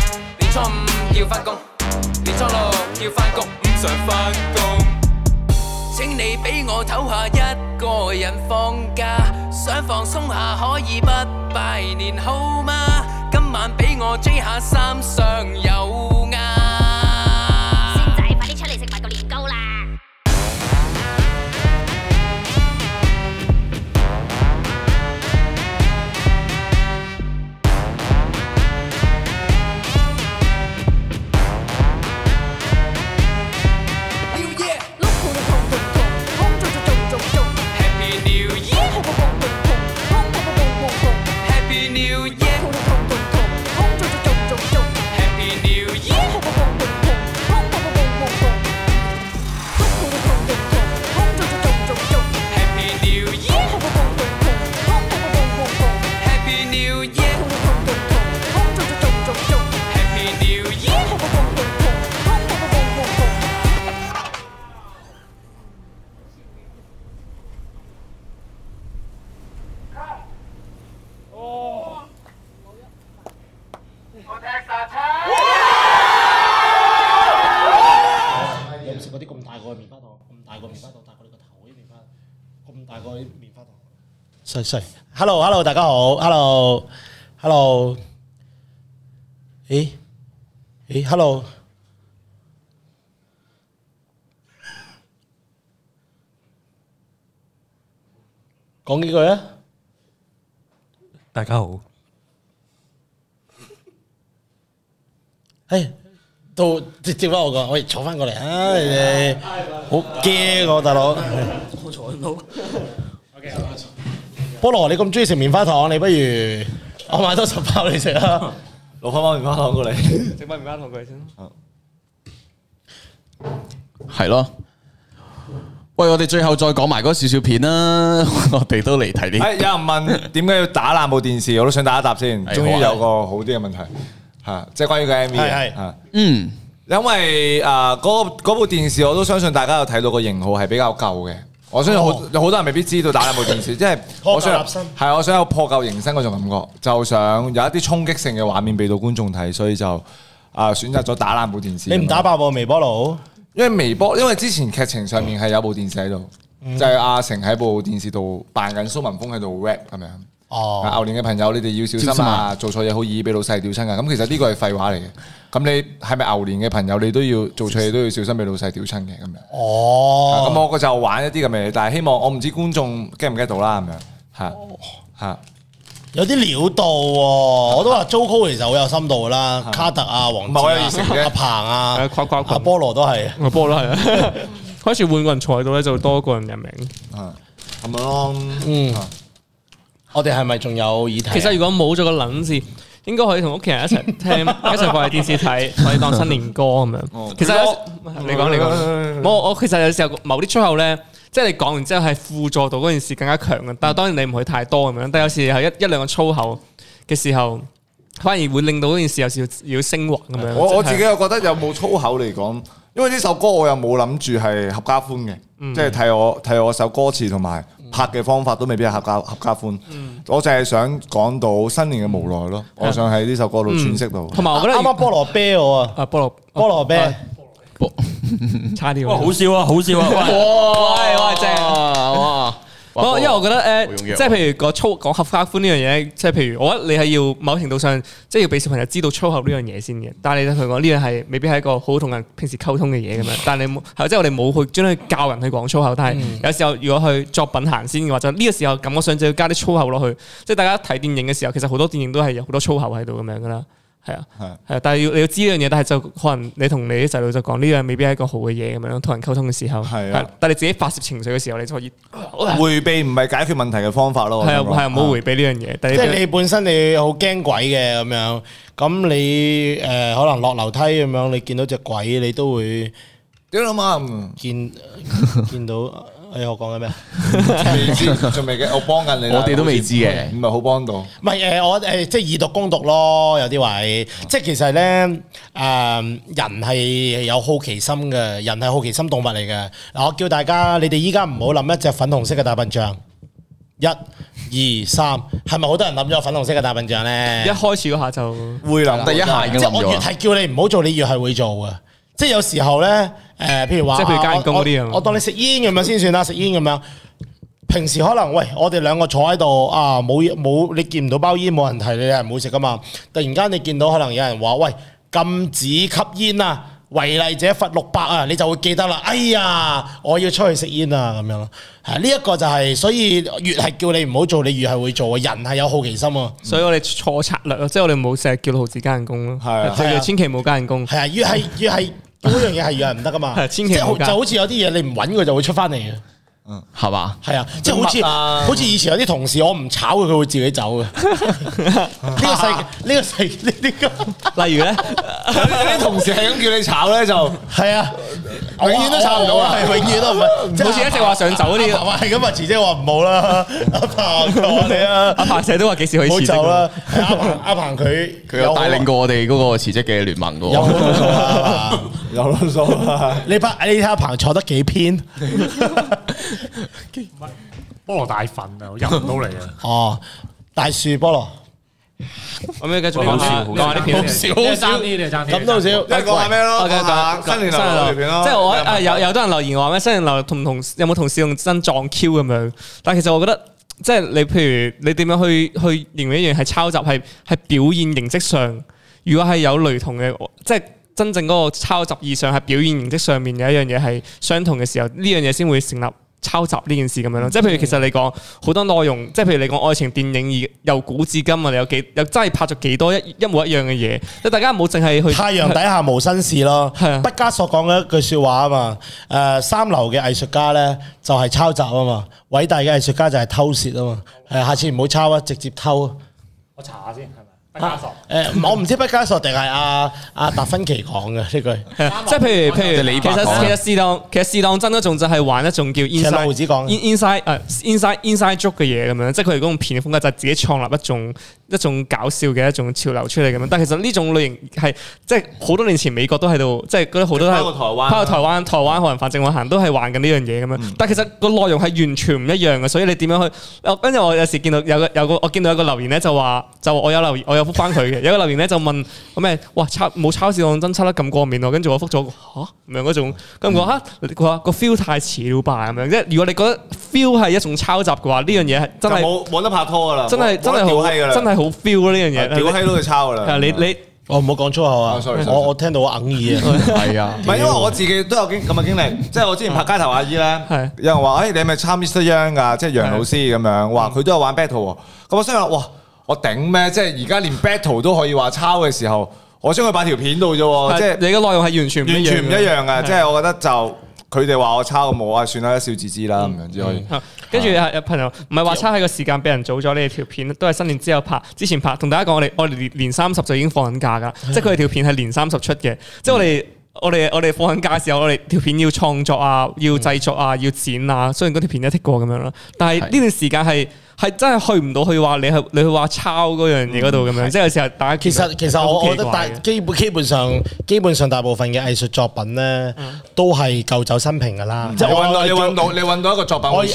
初五要翻工，年初六要翻工，唔想翻工。請你俾我唞下，一個人放假，想放鬆下可以不拜年，好嗎？今晚俾我追下三上悠亞，啊。大個棉花糖大過你個頭，啲棉花咁大個啲棉花糖。細細，Hello Hello，大家好，Hello Hello，誒誒，Hello，講幾句啊！大家好，誒。都直接翻我個，可以坐翻過嚟啊！是是好驚我大佬，好坐到。菠蘿，你咁中意食棉花糖，你不如我買多十包你食啦，攞翻包棉花糖過嚟，整包 棉花糖畀佢先。係 咯， 喂，我哋最後再講埋嗰少少片啦，我哋都嚟睇啲。有人問點解要打爛部電視，我都想打一集先，終於有個好啲嘅問題。 係，即係關於個 M V 啊，的，對嗯，因為誒嗰、呃那個、部電視我都相信大家有睇到個型號係比較舊嘅，我相信好有好多人未必知道打爛部電視，即係、哦、破舊係我想有破舊迎新嗰種感覺，就想有一啲衝擊性嘅畫面俾到觀眾睇，所以就啊、呃、選擇咗打爛部電視。你唔打爆部、啊、微波爐？因為微波，因為之前劇情上面係有部電視喺度，嗯、就係阿成喺部電視度扮緊蘇文峰喺度 rap 咁樣。哦，牛年嘅朋友，你哋要小心啊！做錯嘢好易俾老細屌親噶。咁其實呢個係廢話嚟嘅。咁你係咪牛年嘅朋友，你都要做錯嘢都要小心俾老細屌親嘅咁樣。哦，咁我就玩一啲咁嘅嘢，但係希望我唔知觀眾 get 唔 get 到啦咁樣，吓吓，有啲料到。我都話糟糕其實好有深度啦，卡特啊、黃子啊、阿鵬啊、阿波羅都係。阿波羅係，開始換個人彩到咧，就多一個人嘅名，啊，咁樣咯，嗯。我哋係咪仲有議題？其實如果冇咗個諗字，應該可以同屋企人一齊聽， 一齊放喺電視睇，可以當新年歌咁樣。 其實 你講你講，我 我其實有時候某啲粗口咧，即係你講完之後係輔助到嗰件事更加強嘅。但係當然你唔會太多咁樣。但有時候一一兩個粗口嘅時候，反而會令到件事有時要升華咁樣。我、 就是、我自己又覺得有冇粗口嚟講？因為呢首歌我又冇諗住係合家歡嘅，即係睇我替我首歌詞同埋拍嘅方法都未必係合家合家歡。我淨係想講到新年嘅無奈咯。我想喺呢首歌度詮釋到。同埋我覺得啱啱菠蘿啤我啊，菠蘿菠蘿啤，差啲。好笑啊！好笑啊！哇！哇！哇！正啊！哇！因為我覺得誒、呃，即係譬如講粗講合家歡呢樣嘢，即係譬如我覺得你係要某程度上，即係要俾小朋友知道粗口呢樣嘢先嘅。但係你同佢講呢樣係未必係一個好同人平時溝通嘅嘢咁樣。但係你冇， 即係我哋冇去專登教人去講粗口。但係有時候如果去作品行先嘅話，就呢個時候咁，我想就要加啲粗口落去。即係大家睇電影嘅時候，其實好多電影都係有好多粗口喺度咁樣噶啦。係啊，係，係，但係要你要知呢樣嘢，但係就可能你同你啲細路就講呢樣，未必係一個好嘅嘢咁樣同人溝通嘅時候，係啊，啊，但係你自己發洩情緒嘅時候，你就可以、呃、回避，唔係解決問題嘅方法咯。係啊，係唔好回避呢樣嘢。啊、但即係你本身你好驚鬼嘅咁樣，咁你誒、呃、可能落樓梯咁樣，你見到隻鬼你都會點啊嘛？見見到。 哎，我講緊咩？未知仲未嘅，我幫緊你。 我哋都未知嘅，唔係好幫到。唔係誒，我誒、呃呃，即係以毒攻毒咯。有啲位，即係其實咧，誒，人係有好奇心嘅，人係好奇心動物嚟嘅。嗱，我叫大家，你哋依家唔好諗一隻粉紅色嘅大笨象。一、二、三，係咪好多人諗咗粉紅色嘅大笨象咧？一開始嗰下就會諗，第一下已即係我越係叫你唔好做，你越係會做嘅。即係有時候咧。誒，譬如話，即係譬如加人工嗰啲啊，我我當你食煙咁樣先算啦，食煙咁樣。平時可能喂，我哋兩個坐喺度啊，冇冇你見唔到包煙，冇人睇你，你係唔好食噶嘛。突然間你見到可能有人話喂，禁止吸煙啊，違例者罰六百啊，你就會記得啦。哎呀，我要出去食煙啊，咁樣。係啊，呢一個就係，所以越係叫你唔好做，你越係會做。人係有好奇心啊，所以我哋錯策略，即係我哋唔好成日叫毫子加人工咯，係啊，千祈唔好加人工。係啊，越係越係。嗰樣嘢係預係唔得㗎嘛，就好似有啲嘢你唔揾佢，就會出返嚟。係嘛？係啊，即係好似好似以前有啲同事，我唔炒佢，佢會自己走嘅。呢個世呢個世呢啲例如咧，啲同事係咁叫你炒咧，就係啊，永遠都炒唔到啊，永遠都唔係，好似一直話想走呢啲，係咁啊，辭職話唔好啦。阿彭我哋啊，阿彭成日都話幾時可以走啦？阿阿彭佢佢有帶領過我哋嗰個辭職嘅聯盟噶，有啦，有啦，數啦。你你睇阿彭坐得幾偏。菠 蘿大份啊，我入唔到嚟啊！哦，大樹菠蘿，咁你繼續講啲片，講啲片，咁多少一個話咩咯？喂我講新年留片咯，流流即係我、啊、是是有有多人留言話咩新年流，流有有同唔同有冇同肖用真撞 Q 咁樣？但其實我覺得，即係你譬如你點樣去去形容一樣係抄襲，係係表現形式上，如果係有雷同嘅，即係真正嗰個抄襲意上係表現形式上面有一樣嘢係相同嘅時候，呢樣嘢先會成立。抄襲呢件事咁樣咯，即係譬如其實你講好多內容，即係譬如你講愛情電影而由古至今啊，你有幾又真係拍咗幾多一一模一樣嘅嘢，即大家唔好淨係去。太陽底下無新事咯，係啊，畢加索講嘅一句說話啊嘛，誒三流嘅藝術家咧就係抄襲啊嘛，偉大嘅藝術家就係偷竊啊嘛，誒下次唔好抄啊，直接偷啊。我查下先。畢加、啊欸、索，誒、啊，我唔知畢加索定係阿阿達芬奇講嘅呢句，即係譬如譬如，如 如你 其實其實適當其實適當真一仲就係玩一種叫 inside，inside，誒，inside，inside Job 嘅嘢咁樣， 即係佢哋嗰種片嘅風格就自己創立一種。一種搞笑嘅一種潮流出嚟咁樣，但其實呢種類型係即係好多年前美國都喺度，即係嗰啲好多都係翻去台灣，台灣可能反正我行都係玩緊呢樣嘢咁樣。但其實個內容係完全唔一樣嘅，所以你點樣去。跟住我有時見到有個我見到有個留言咧就話就我有留言，我有覆返佢嘅。有個留言咧就問咩？哇冇超似當真抄得咁過面喎。跟住我覆咗嚇咁樣嗰種，跟住我嚇佢話個 feel 太遲了吧咁樣。即如果你覺得 feel 係一種抄襲嘅話，呢樣嘢係真係冇得拍拖噶啦，真係真係好真係。好 feel 呢樣嘢，屌閪都要抄噶啦！你你我唔好講粗口啊！我我聽到我哽耳啊！係啊，唔係因為我自己都有經咁嘅經歷，即係我之前拍街頭阿姨咧，有人話誒你係咪抄 Mr Young 啊？即係楊老師咁樣話佢都有玩 battle，咁我想話哇我頂咩？即係而家連 battle 都可以話抄嘅時候，我將佢擺條片度啫，即係你嘅內容係完全完全唔一樣嘅，即係我覺得就。佢哋話我差個冇啊，算啦，一笑置之啦咁樣之可以。跟住有有朋友唔係話差喺個時間俾人早咗呢條片，都係新年之後拍，之前拍，同大家講我哋我年年三十就已經放緊假噶， 即係佢哋條片係年三十出嘅， 即係我哋我哋我哋放緊假時候，我哋條片要創作啊，要製作啊，要剪啊，雖然嗰條片一剔過咁樣啦，但係呢段時間係。 係真係去唔到去話，你去你去話抄嗰樣嘢嗰度咁樣，即係有時候。大家其實其實我覺得大基本基本上基本上大部分嘅藝術作品咧，都係舊酒新瓶噶啦。即係你揾到你到一個作品。我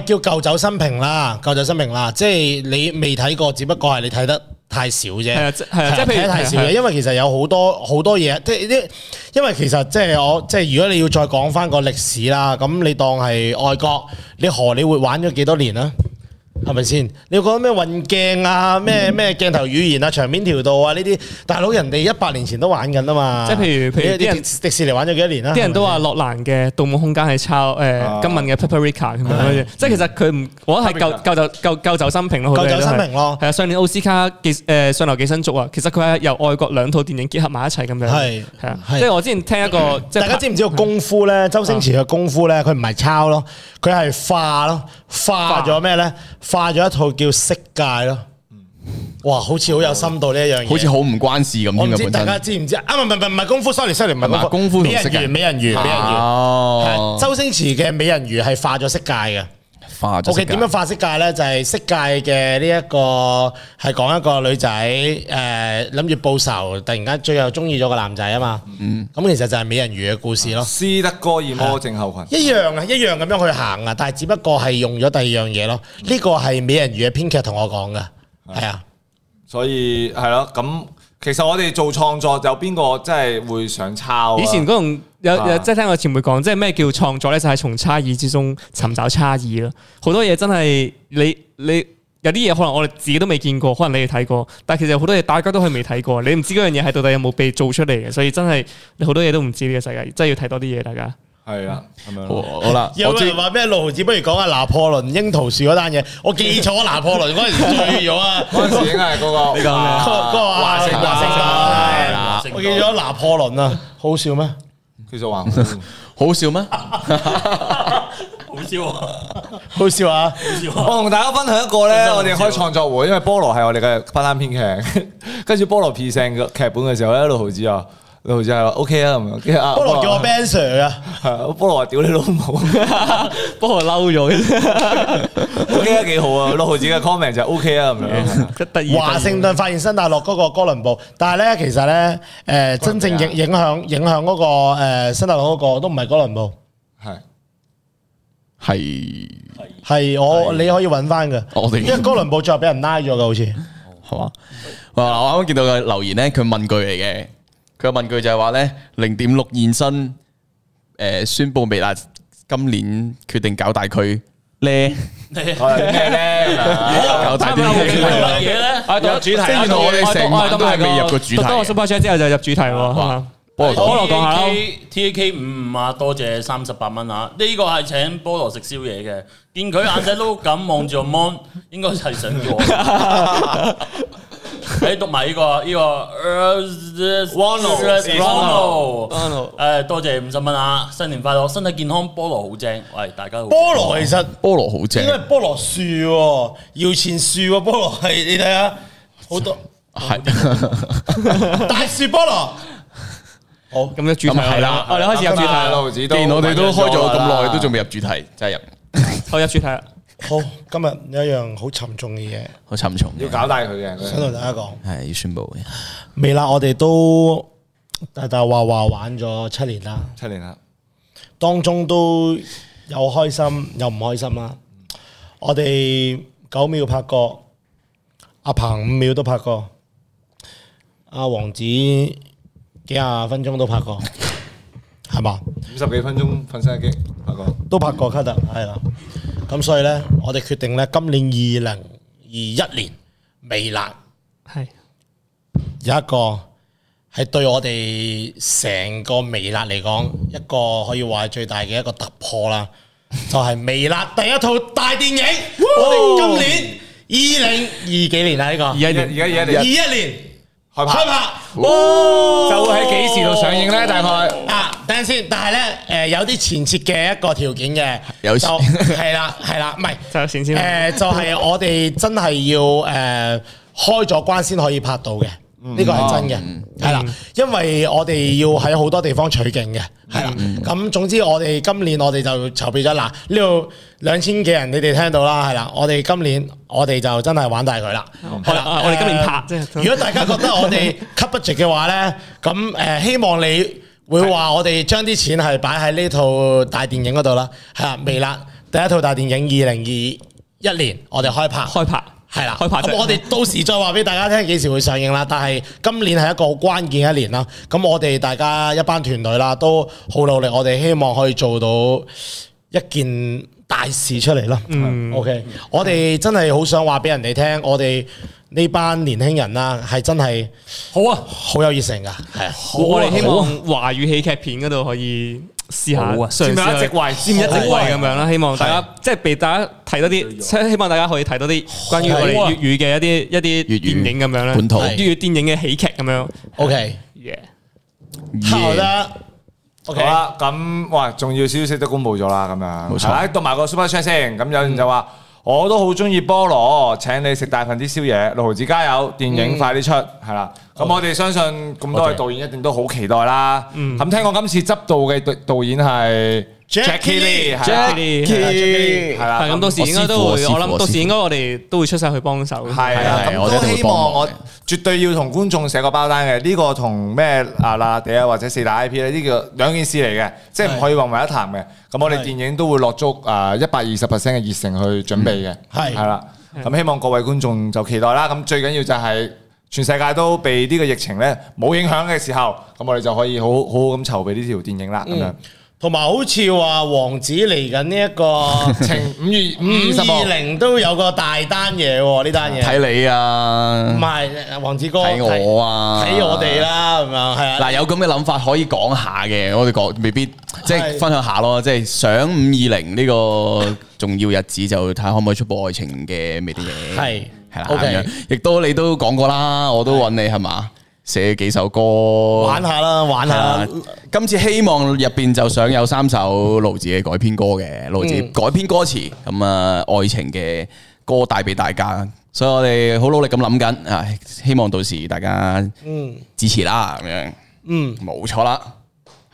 叫舊酒新瓶啦，舊酒新瓶啦。即係你未睇過，只不過係你睇得太少啫。即係睇得太少。因為其實有好多好多嘢，即係啲因為其實即係我即係如果你要再講翻個歷史啦，咁你當係外國，你何你會玩咗幾多年啊？係咪先？你講咩運鏡啊？咩咩鏡頭語言啊？場面調度啊？呢啲大佬人哋一百年前都玩緊啊嘛！即係譬如譬如啲迪士尼玩咗幾多年啦，啲人都話諾蘭嘅《盜夢空間》係抄誒今敏嘅《Paprika》咁樣。即係其實佢唔，我覺得係舊酒舊酒新瓶咯，舊酒新瓶咯。係啊，上年奧斯卡誒《上流寄生族》啊，其實佢係由外國兩套電影結合埋一齊咁樣。係係啊，即係我之前聽一個，大家知唔知個功夫咧？周星馳嘅功夫咧，佢唔係抄咯，佢係化咯，化咗咩咧？畫咗一套叫《色戒》咯，哇，好似哇好有深度呢一樣嘢，好似好唔關事咁。我唔知大家知唔知啊？唔唔唔，唔係功夫，sorry，sorry，唔係功夫，美人魚，美人魚，啊，係周星馳嘅《美人魚》係畫咗《色戒》嘅。O.K. 點樣化色戒呢？就係、是、色戒嘅呢一個係講一個女仔誒諗住報仇，突然間最後中意咗個男仔啊嘛。咁、嗯、其實就係美人魚嘅故事咯。斯德哥爾摩症候群一樣啊，一樣咁樣，樣去行啊，但係只不過係用咗第二樣嘢咯。呢個係美人魚嘅編劇同我講嘅，係啊。所以係咯，咁、啊。其實我哋做創作有邊個真係會想抄啊？以前嗰種有有即係聽我前輩講，即係咩叫創作咧？就係從差異之中尋找差異咯。好多嘢真係你你有啲嘢可能我哋自己都未見過，可能你哋睇過，但係其實好多嘢大家都係未睇過，你唔知嗰樣嘢係到底有冇被做出嚟嘅。所以真係你好多嘢都唔知呢個世界，真係要睇多啲嘢，大家。係啊，咁樣好啦。我冇人話咩？六毫子，不如講下拿破崙櫻桃樹嗰單嘢。我記錯拿破崙嗰陣時醉咗啊，嗰陣時係嗰個，嗰個華生，華生，我記咗拿破崙啊，好笑咩？叫做華，好笑咩？好笑啊！好笑啊！好笑，我同大家分享一個咧，我哋開創作會，因為菠蘿係我哋嘅拍單編劇，跟住菠蘿 P 聲嘅劇本嘅時候咧，六毫子啊。六毫子係 OK 啊，唔 OK 啊，菠蘿叫我 Ben Sir 啊，菠蘿話屌你老母，菠蘿嬲咗，OK 啊幾好啊，六毫子嘅 comment 就 OK 啊，咁樣得意。華盛頓發現新大陸嗰個哥倫布，但係咧其實咧，誒真正影影響影響嗰個誒新大陸嗰個都唔係哥倫布，係係係我你可以揾翻嘅，因為哥倫布最後俾人拉咗嘅，好似係嘛。哇！我啱啱見到個留言咧，佢問句嚟嘅。有問句就係話咧，零點六現身，誒，宣布微辣，今年決定搞大佢咧，係咩咧？ 搞大啲嘅嘢咧，有、啊、主題。即係原來我哋成班都係未入過主題。多我 super chat 之後就入主題咯。菠蘿講，菠蘿講下。T A K 五五啊，多謝三十八蚊啊！呢個係請菠蘿食宵夜嘅，見佢眼仔都咁望住我 mon，應該係想過。 誒，讀埋呢個呢個 r o n a 誒，多謝五十蚊啊！新年快樂，身體健康，菠蘿好正，喂大家。好！菠蘿其實菠蘿好正，應該係菠蘿樹、搖錢樹，菠蘿係你睇下好多係，大樹菠蘿。好，咁咧主題係啦，我哋開始入主題咯，既然我哋都開咗咁耐，都仲未入主題，即係入，開下主題。好，今日有一樣好沉重嘅嘢，好沉重，要搞大佢嘅，想同大家講，係要宣布嘅。未啦，我哋都大大話話玩咗七年啦，七年啦，當中都有開心，有唔開心啦。我哋九秒拍過，阿鵬五秒都拍過，阿王子幾廿分鐘都拍過，係嘛 吧？五十幾分鐘瞓晒機拍過，都拍過，卡特，係啦。咁所以咧，我哋決定咧，今年二零二一年微辣係有一個係對我哋成個微辣嚟講一個可以話係最大嘅一個突破啦，就係微辣第一套大電影。我哋今年二零二幾年啦，呢個二一年，而家二一年，二一年。開拍，開拍哇就喺幾時度上映咧？大概啊，等陣先。但係咧，誒，有啲前設嘅一個條件嘅，有先係啦，係啦，唔係就前先。誒，就係我哋真係要誒、呃、開咗關先可以拍到嘅。呢個係真嘅，係啦、嗯，因為我哋要喺好多地方取景嘅，係啦。咁、嗯、總之我哋今年我哋就籌備咗啦。呢度兩千幾人，你哋聽到啦，係啦。我哋今年我哋就真係玩大佢啦。好啦，我哋今年拍。呃、是如果大家覺得我哋吸不值嘅話呢，咁誒 希望你會話我哋將啲錢係擺喺呢套大電影嗰度啦。係啦，未啦，嗯、第一套大電影二零二一年我哋開拍。開拍。係啦，我哋到時再話俾大家聽幾時會上映啦。 但係今年係一個關鍵一年啦。咁我哋大家一班團隊啦，都好努力。我哋希望可以做到一件大事出嚟咯。嗯，嗯，OK，嗯，我哋真係好想話俾人哋聽，我哋呢班年輕人啦，係真係好啊，有好有熱誠噶。係啊，很我哋希望華語喜劇片嗰度可以。試下，佔一席位，佔一席位咁樣啦。希望大家即係俾大家睇多啲，希希望大家可以睇多啲關於我哋粵語嘅一啲一啲粵語電影咁樣咧，粵語電影嘅喜劇咁樣。OK，yeah 好啦，OK 啦。咁哇，重要消息都公布咗啦。咁樣，冇錯。讀埋個 super chat 先。咁有人就話，我都好中意菠蘿，請你食大份啲宵夜。六毫子加油，電影快啲出，係啦。咁我哋相信咁多位導演一定都好期待啦。咁聽講今次執導嘅導演係 Jackie Lee，Jackie 係啦。咁到時應該都會，我諗到時應該我哋都會出晒去幫手。係咁都希望我絕對要同觀眾寫個包單嘅。呢個同咩啊嗱地啊或者四大 IP 咧呢個兩件事嚟嘅，即係唔可以混為一談嘅。咁我哋電影都會落足啊一百二十 percent 嘅熱誠去準備嘅。係係啦。咁希望各位觀眾就期待啦。咁最緊要就係。全世界都被呢個疫情咧冇影響嘅時候，咁我哋就可以好好好咁籌備呢條電影啦。咁樣，同埋、嗯、好似話王子嚟緊呢一個情五月五二零都有個大單嘢喎，呢單嘢睇你啊，唔係王子哥睇我啊，睇我哋、啊、啦，係咪啊？嗱，有咁嘅諗法可以講下嘅，我哋講未必即係的分享下咯，即、就、係、是、想五二零呢個重要日子就睇下可唔可以出部愛情嘅微電影。係的。O K，亦都你都講過啦，我都揾你係嘛，寫幾首歌玩下啦，玩下啦，啊。今次希望入邊就想有三首盧智嘅改編歌嘅，盧智改編歌詞咁啊，愛情嘅歌帶俾大家。所以我哋好努力咁諗緊啊，希望到時大家嗯支持啦，咁樣嗯，冇錯啦。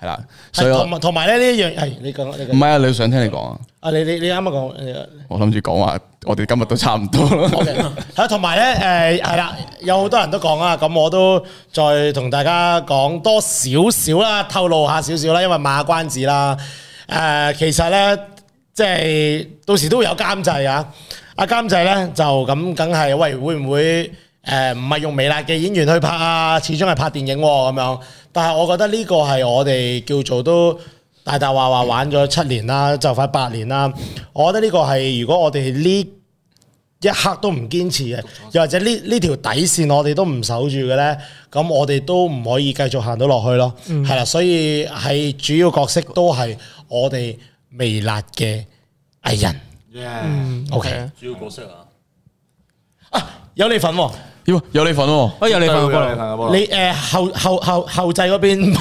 係啦，所以同埋同埋咧呢一樣係你講，你唔係啊，你想聽你講啊？啊，你剛剛你你啱啱講，我諗住講話，我哋今日都差唔多啦 Okay.。係同埋咧，誒係啦，有好多人都講啊，咁我都再同大家講多少少啦，透露一下少少啦，因為賣關子啦。誒、呃，其實咧，即係到時都有監製啊，阿監製咧就咁，梗係喂會唔會？誒，唔係、呃、用微辣嘅演員去拍啊，始終係拍電影咁、啊、樣。但係我覺得呢個係我哋叫做都大大話話玩咗七年啦，就快八年啦。我覺得呢個係如果我哋呢一刻都唔堅持嘅，又或者呢呢條底線我哋都唔守住嘅呢，咁我哋都唔可以繼續行到落去咯。係啦、嗯，所以係主要角色都係我哋微辣嘅藝人。嗯、o、okay、k 主要角色啊，啊有你份喎、啊！有你份喎、啊！啊，有你份、啊，有你誒，後後後後製嗰邊，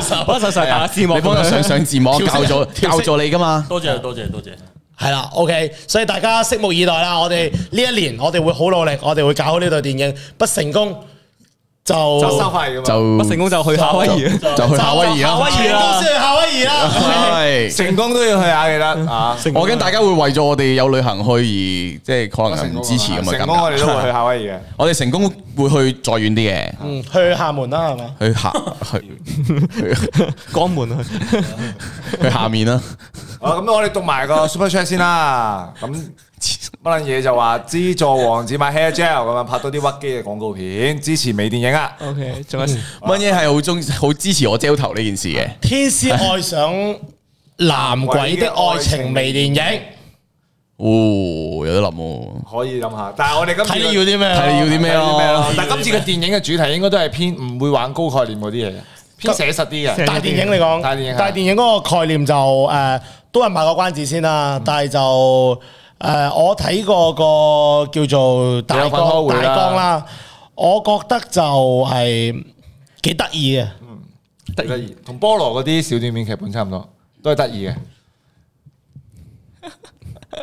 十十十啊，字幕幫，你幫佢上上字幕，啊、教了色教咗你㗎嘛多？多謝多謝多謝，係啦，OK，所以大家拭目以待啦。我哋呢一年，我哋會好努力，我哋會搞好呢套電影，不成功。就失敗，咁就不成功就去夏威夷，就去夏威夷啦！成功都要夏威夷啦，係成功都要去下嘅啦啊！我驚大家會為咗我哋有旅行去而即係可能唔支持咁嘅感覺，成功我哋都會去夏威夷嘅。我哋成功會去再遠啲嘅，去廈門啦，係嘛？去夏去江門去去下面啦。啊，咁我哋讀埋個 super chat 先啦。咁。乜嘢就話資助王子買 hair gel 咁樣，拍多啲屈機嘅廣告片，支持微電影啊。OK，仲有乜嘢係好中好支持我 gel 頭呢件事嘅？天師愛上男鬼的愛情微電影。哦，有得諗。可以諗下，但係我哋今睇次要啲咩？睇要啲咩咯？但係今次嘅電影嘅主題應該都係偏唔會玩高概念嗰啲嘢，偏寫實啲嘅。大電影嚟講，大電影，大電影嗰個概念就誒，都係賣個關子先啦，但係就。誒、呃，我睇過個叫做大《分會大江大江》啦，我覺得就係幾得意嘅，得意、嗯，同菠蘿嗰啲小短片劇本差唔多，都係得意嘅。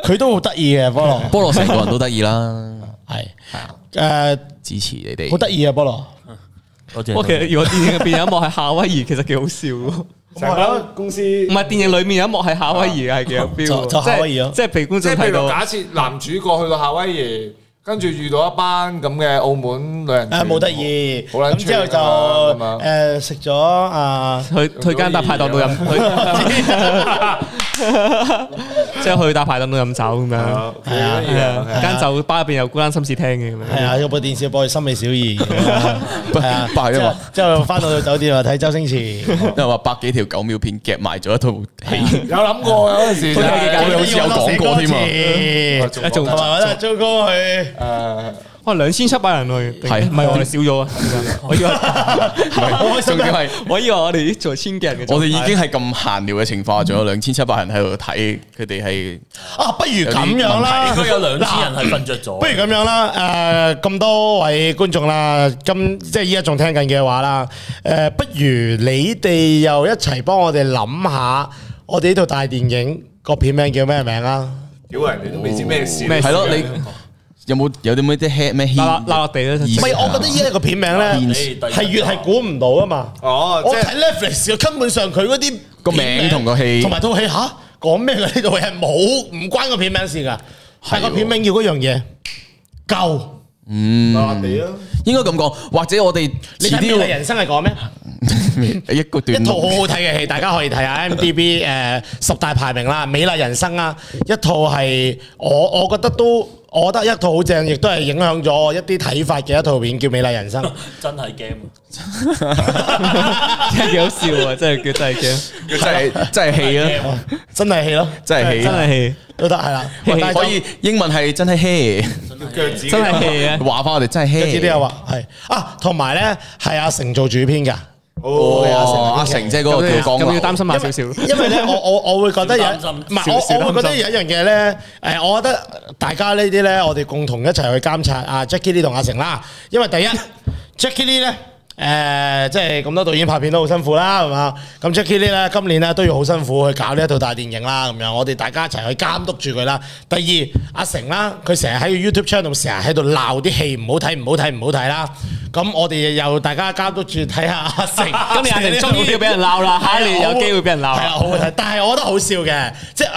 佢 都好得意嘅菠蘿，菠蘿成個人都得意啦，係誒， 呃、支持你哋，好得意啊菠蘿，多謝、謝。我其實如果電影入邊有一幕係夏威夷，其實幾好笑。成班公司唔係，電影裏面有一幕係夏威夷啊，係幾有 feel，即係觀眾睇到，即係譬如，假設男主角去到夏威夷，跟住遇到一班咁嘅澳門女人，誒冇，得意，咁之後就誒食咗啊，去去間大排檔度飲。即係去打牌，諗到飲酒咁樣。係啊，間酒吧入邊有孤單心事聽嘅。係啊，有部電視播《心美小二》。係啊，之後翻到去酒店話睇周星馳，又話百幾條九秒片夾埋咗一套戲。有諗過嗰陣時，我哋好似有講過添啊。係咪啊？阿周哥去。兩千七百人喎，係唔係我哋少咗啊？我以為，我以為，我哋做千幾人嘅，我哋已經係咁閒聊嘅情況，仲有兩千七百人喺度睇，佢哋係啊，不如咁樣啦，佢有兩千人係瞓着咗，不如咁樣啦，誒，咁多位觀眾啦，咁即係依家仲聽緊嘅話啦，誒，不如你哋又一齊幫我哋諗下，我哋呢套大電影個片名叫咩名啊？屌，人哋都未知咩事？係咯，你。有冇有啲咩啲 heat 咩 heat？拉拉地咧，唔係，我覺得呢一個片名咧係越係估唔到啊嘛。哦，我睇 Netflix 根本上佢嗰啲個名同個戲，同埋套戲嚇講咩嘅呢度係冇，唔關個片名事噶。但係個片名要嗰樣嘢夠，拉拉地咯。應該咁講，或者我哋《美麗人生》係講咩？一個短，一套好好睇嘅戲，大家可以睇下 MDB 誒十大排名啦，《美麗人生》啊，一套係我我覺得都。我覺得一套好正，亦都係影響咗一啲睇法嘅一套片，叫《美麗人生》。真係 game 真係幾好笑啊！真係叫真係 game 真係真係戲真係戲咯，真係戲， 真係戲都得係啦。可以英文係真係 here 真係 here 話返我哋真係 here 啲又話係啊，同埋呢，係阿成做主編㗎。哦，阿成即係嗰啲講話，咁在要擔心一下少少。因為咧，我我我會覺得有， 我我會覺得有一樣嘢咧，誒，我覺得大家呢啲咧，我哋共同一齊去監察阿、啊、Jackie Lee 同阿成啦。因為第一 ，Jackie Lee 咧，誒、呃，即係咁多導演拍片都好辛苦啦，係嘛。咁 Jackie Lee 咧，今年咧都要好辛苦去搞呢一套大電影啦，咁樣我哋大家一齊去監督住佢啦。第二，阿成 channel 啦，佢成日喺 YouTube channel 成日喺度鬧啲戲唔好睇，唔好睇，唔好睇啦。咁我哋又大家監督住睇下阿成， 今年阿成終於都要俾人鬧啦，嚇你 有機會俾人鬧，係好好睇。 但係我覺得好笑嘅，即係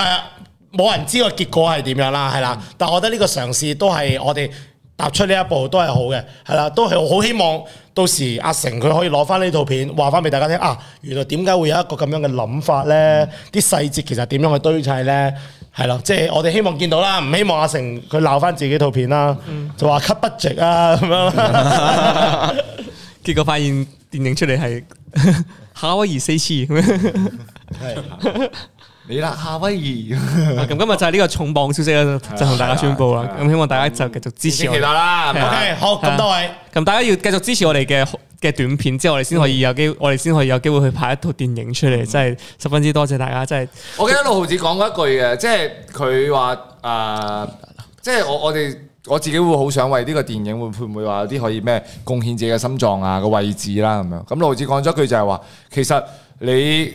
冇、呃、人知個結果係點樣啦，係啦。但係我覺得呢個嘗試都係我哋踏出呢一步都係好嘅，係啦，都係好希望到時阿成佢可以攞翻呢套片話翻俾大家聽啊，原來點解會有一個咁樣嘅諗法咧？啲 細節其實點樣去堆砌咧？係咯，即係、就是、我哋希望見到啦，唔希望阿成佢鬧翻自己套片啦，嗯、就話 cut budget 啊咁樣， 結果發現電影出嚟係夏威夷四次， 你啦夏威夷，咁 今日就係呢個重磅消息啦，就同大家宣布啦，咁希望大家就繼續支持我啦，嗯、okay, 好咁多的位，咁大家要繼續支持我哋嘅。嘅短片之後，我哋先可以有機，嗯、我哋先可以有機會去拍一套電影出嚟，嗯、真係十分之多謝大家！真係，我記得六毫子講過一句嘅，即係佢話誒，即、呃、係、嗯、我我哋我自己會好想為呢個電影會會唔會話有啲可以咩貢獻自己嘅心臟啊個位置啦咁樣。咁六毫子講咗一句就係話，其實你，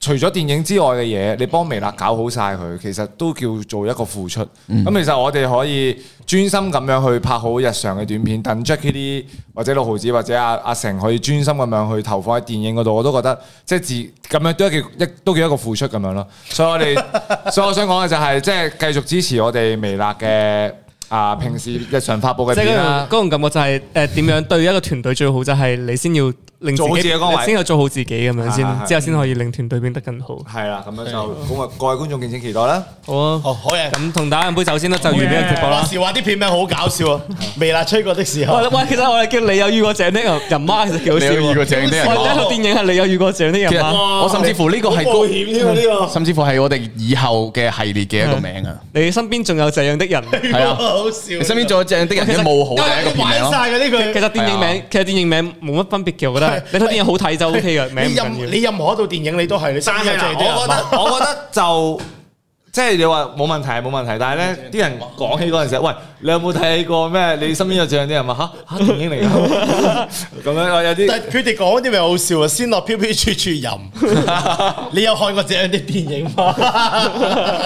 除咗電影之外嘅嘢，你幫微辣搞好晒佢，其實都叫做一個付出。咁、嗯、其實我哋可以專心咁樣去拍好日常嘅短片，等 Jackie 或者六毫子或者阿阿成可以專心咁樣去投放喺電影嗰度，我都覺得即係自咁樣都叫一都叫一個付出咁樣咯。所以我哋， 所以我想講嘅就係即係繼續支持我哋微辣嘅啊，平時日常發布嘅片啦。嗰種感覺就係誒點樣對一個團隊最好，就係你先要。做好自己先有做好自己咁樣先，之後先可以令團隊變得更好。係啦，咁樣就各位觀眾敬請期待啦，好啊，好嘅。咁同大家一杯酒先啦，就完呢個直播啦。時話啲片名好搞笑啊！微辣吹過的時候。喂，其實我係叫你有遇過這樣的人嗎，其實幾好笑。你有遇過這樣的人嗎？我甚至乎呢個係高險添啊！呢個甚至乎係我哋以後嘅系列嘅一個名啊！你身邊仲有這樣的人好笑！你身邊仲有這樣的人冇，好其實電影名，其實電影名冇乜分別嘅，我覺得。 你套電影好睇就 OK 嘅，你任名唔你任何一套電影你都係你三啊，我覺得 我覺得 就即係你話冇問題冇問題，但係咧啲人講起嗰陣時，喂，你有冇睇過咩？你身邊有咁樣啲人話吓吓電影嚟嘅，咁 樣 啊？有啲佢哋講啲咪好笑啊！仙樂飄飄處處聞，你有看過這樣啲電影嘛？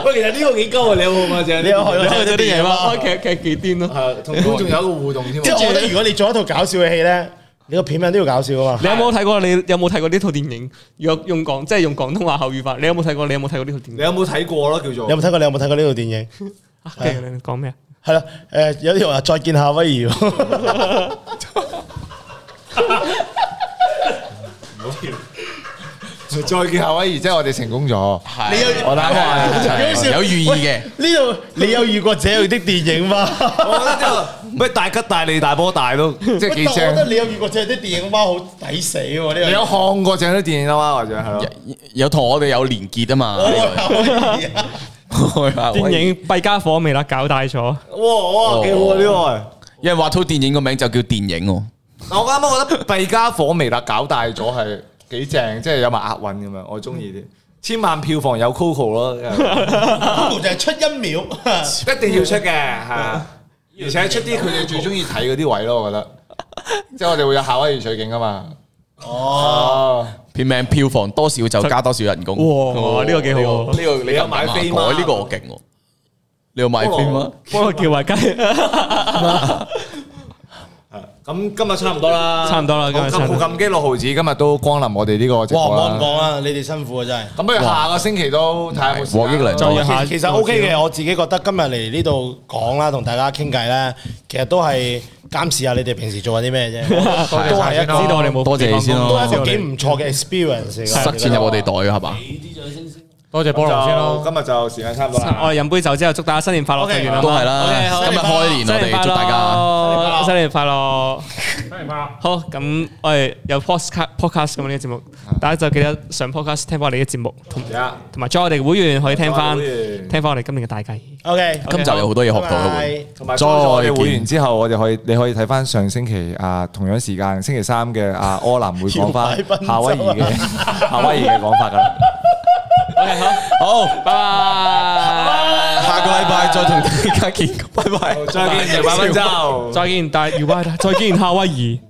喂，其實呢個幾高啊！你有冇啊？這樣啲有冇睇過啲嘢嗎？劇劇幾癲咯，同仲有一個互動添。即係我覺得如果你做一套搞笑嘅戲咧。你個片名都要搞笑啊，嘛？你有冇睇過？你有冇睇過呢套電影？如果用廣，即係用廣東話口語法，你有冇睇過？你有冇睇過呢套電影？你有冇睇過咯？叫做有冇睇過？你有冇睇過呢套電影？啊，講咩？係啦，誒，有啲話再見夏威夷。再見夏威夷，即係我哋成功咗。係，我諗有寓意嘅。呢度你有遇過這樣的電影嗎？乜大吉大利大波大都，即係。我覺得你有遇過這樣的電影嗎？好抵死喎！呢個你有看過這樣的電影嘛？或者係咯，有同我哋有連結啊嘛。電影弊傢伙微辣，搞大咗。哇哇，幾好，呢個因為話，套電影個名就叫電影哦。我啱啱覺得弊傢伙微辣，搞大咗係。幾正，即係有埋押韻咁樣，我中意啲。千萬票房有 Coco 咯，Coco 就係出一秒，一定要出嘅，係。而且出啲佢哋最中意睇嗰啲位咯，我覺得。即係我哋會有夏威夷取景啊嘛。哦，片名票房多少就加多少人工。哇，呢個幾好，呢個你有買飛嗎？呢個我勁喎，你有買飛嗎？幫佢叫埋雞。咁今日差唔多啦，差唔多啦。我酷基六毫子今日都光臨我哋呢個直播啦。講啦，你哋辛苦啊哇真係的。咁不如下個星期都睇下獲益良多，其實 O K 嘅。我自己覺得今日嚟呢度講啦，同大家傾偈啦，其實都係監視下你哋平時做緊啲咩啫。都係一，知道你冇多謝你先咯。都係一個幾唔錯嘅 experience。塞錢入我哋袋係嘛？哇多謝波蘿先咯，今日就時間差唔多啦。我哋飲杯酒之後，祝大家新年快樂。都係啦，今日開年我哋祝大家新年快樂。好，咁我哋有 Podcast Podcast 咁樣嘅節目，大家就記得上 Podcast 聽翻我哋嘅節目，同埋 join 我哋會員可以聽翻聽翻我哋今年嘅大計。OK，今集有好多嘢學到，同埋 join 會員之後，我哋可以你可以睇翻上星期啊同樣時間星期三嘅阿柯南會講翻夏威夷嘅夏威夷嘅講法噶啦。OK，好，拜拜。下個禮拜再同大家見，拜拜 Bye bye.， 再見，拜拜，再見，但要 bye 啦，再見，夏威夷。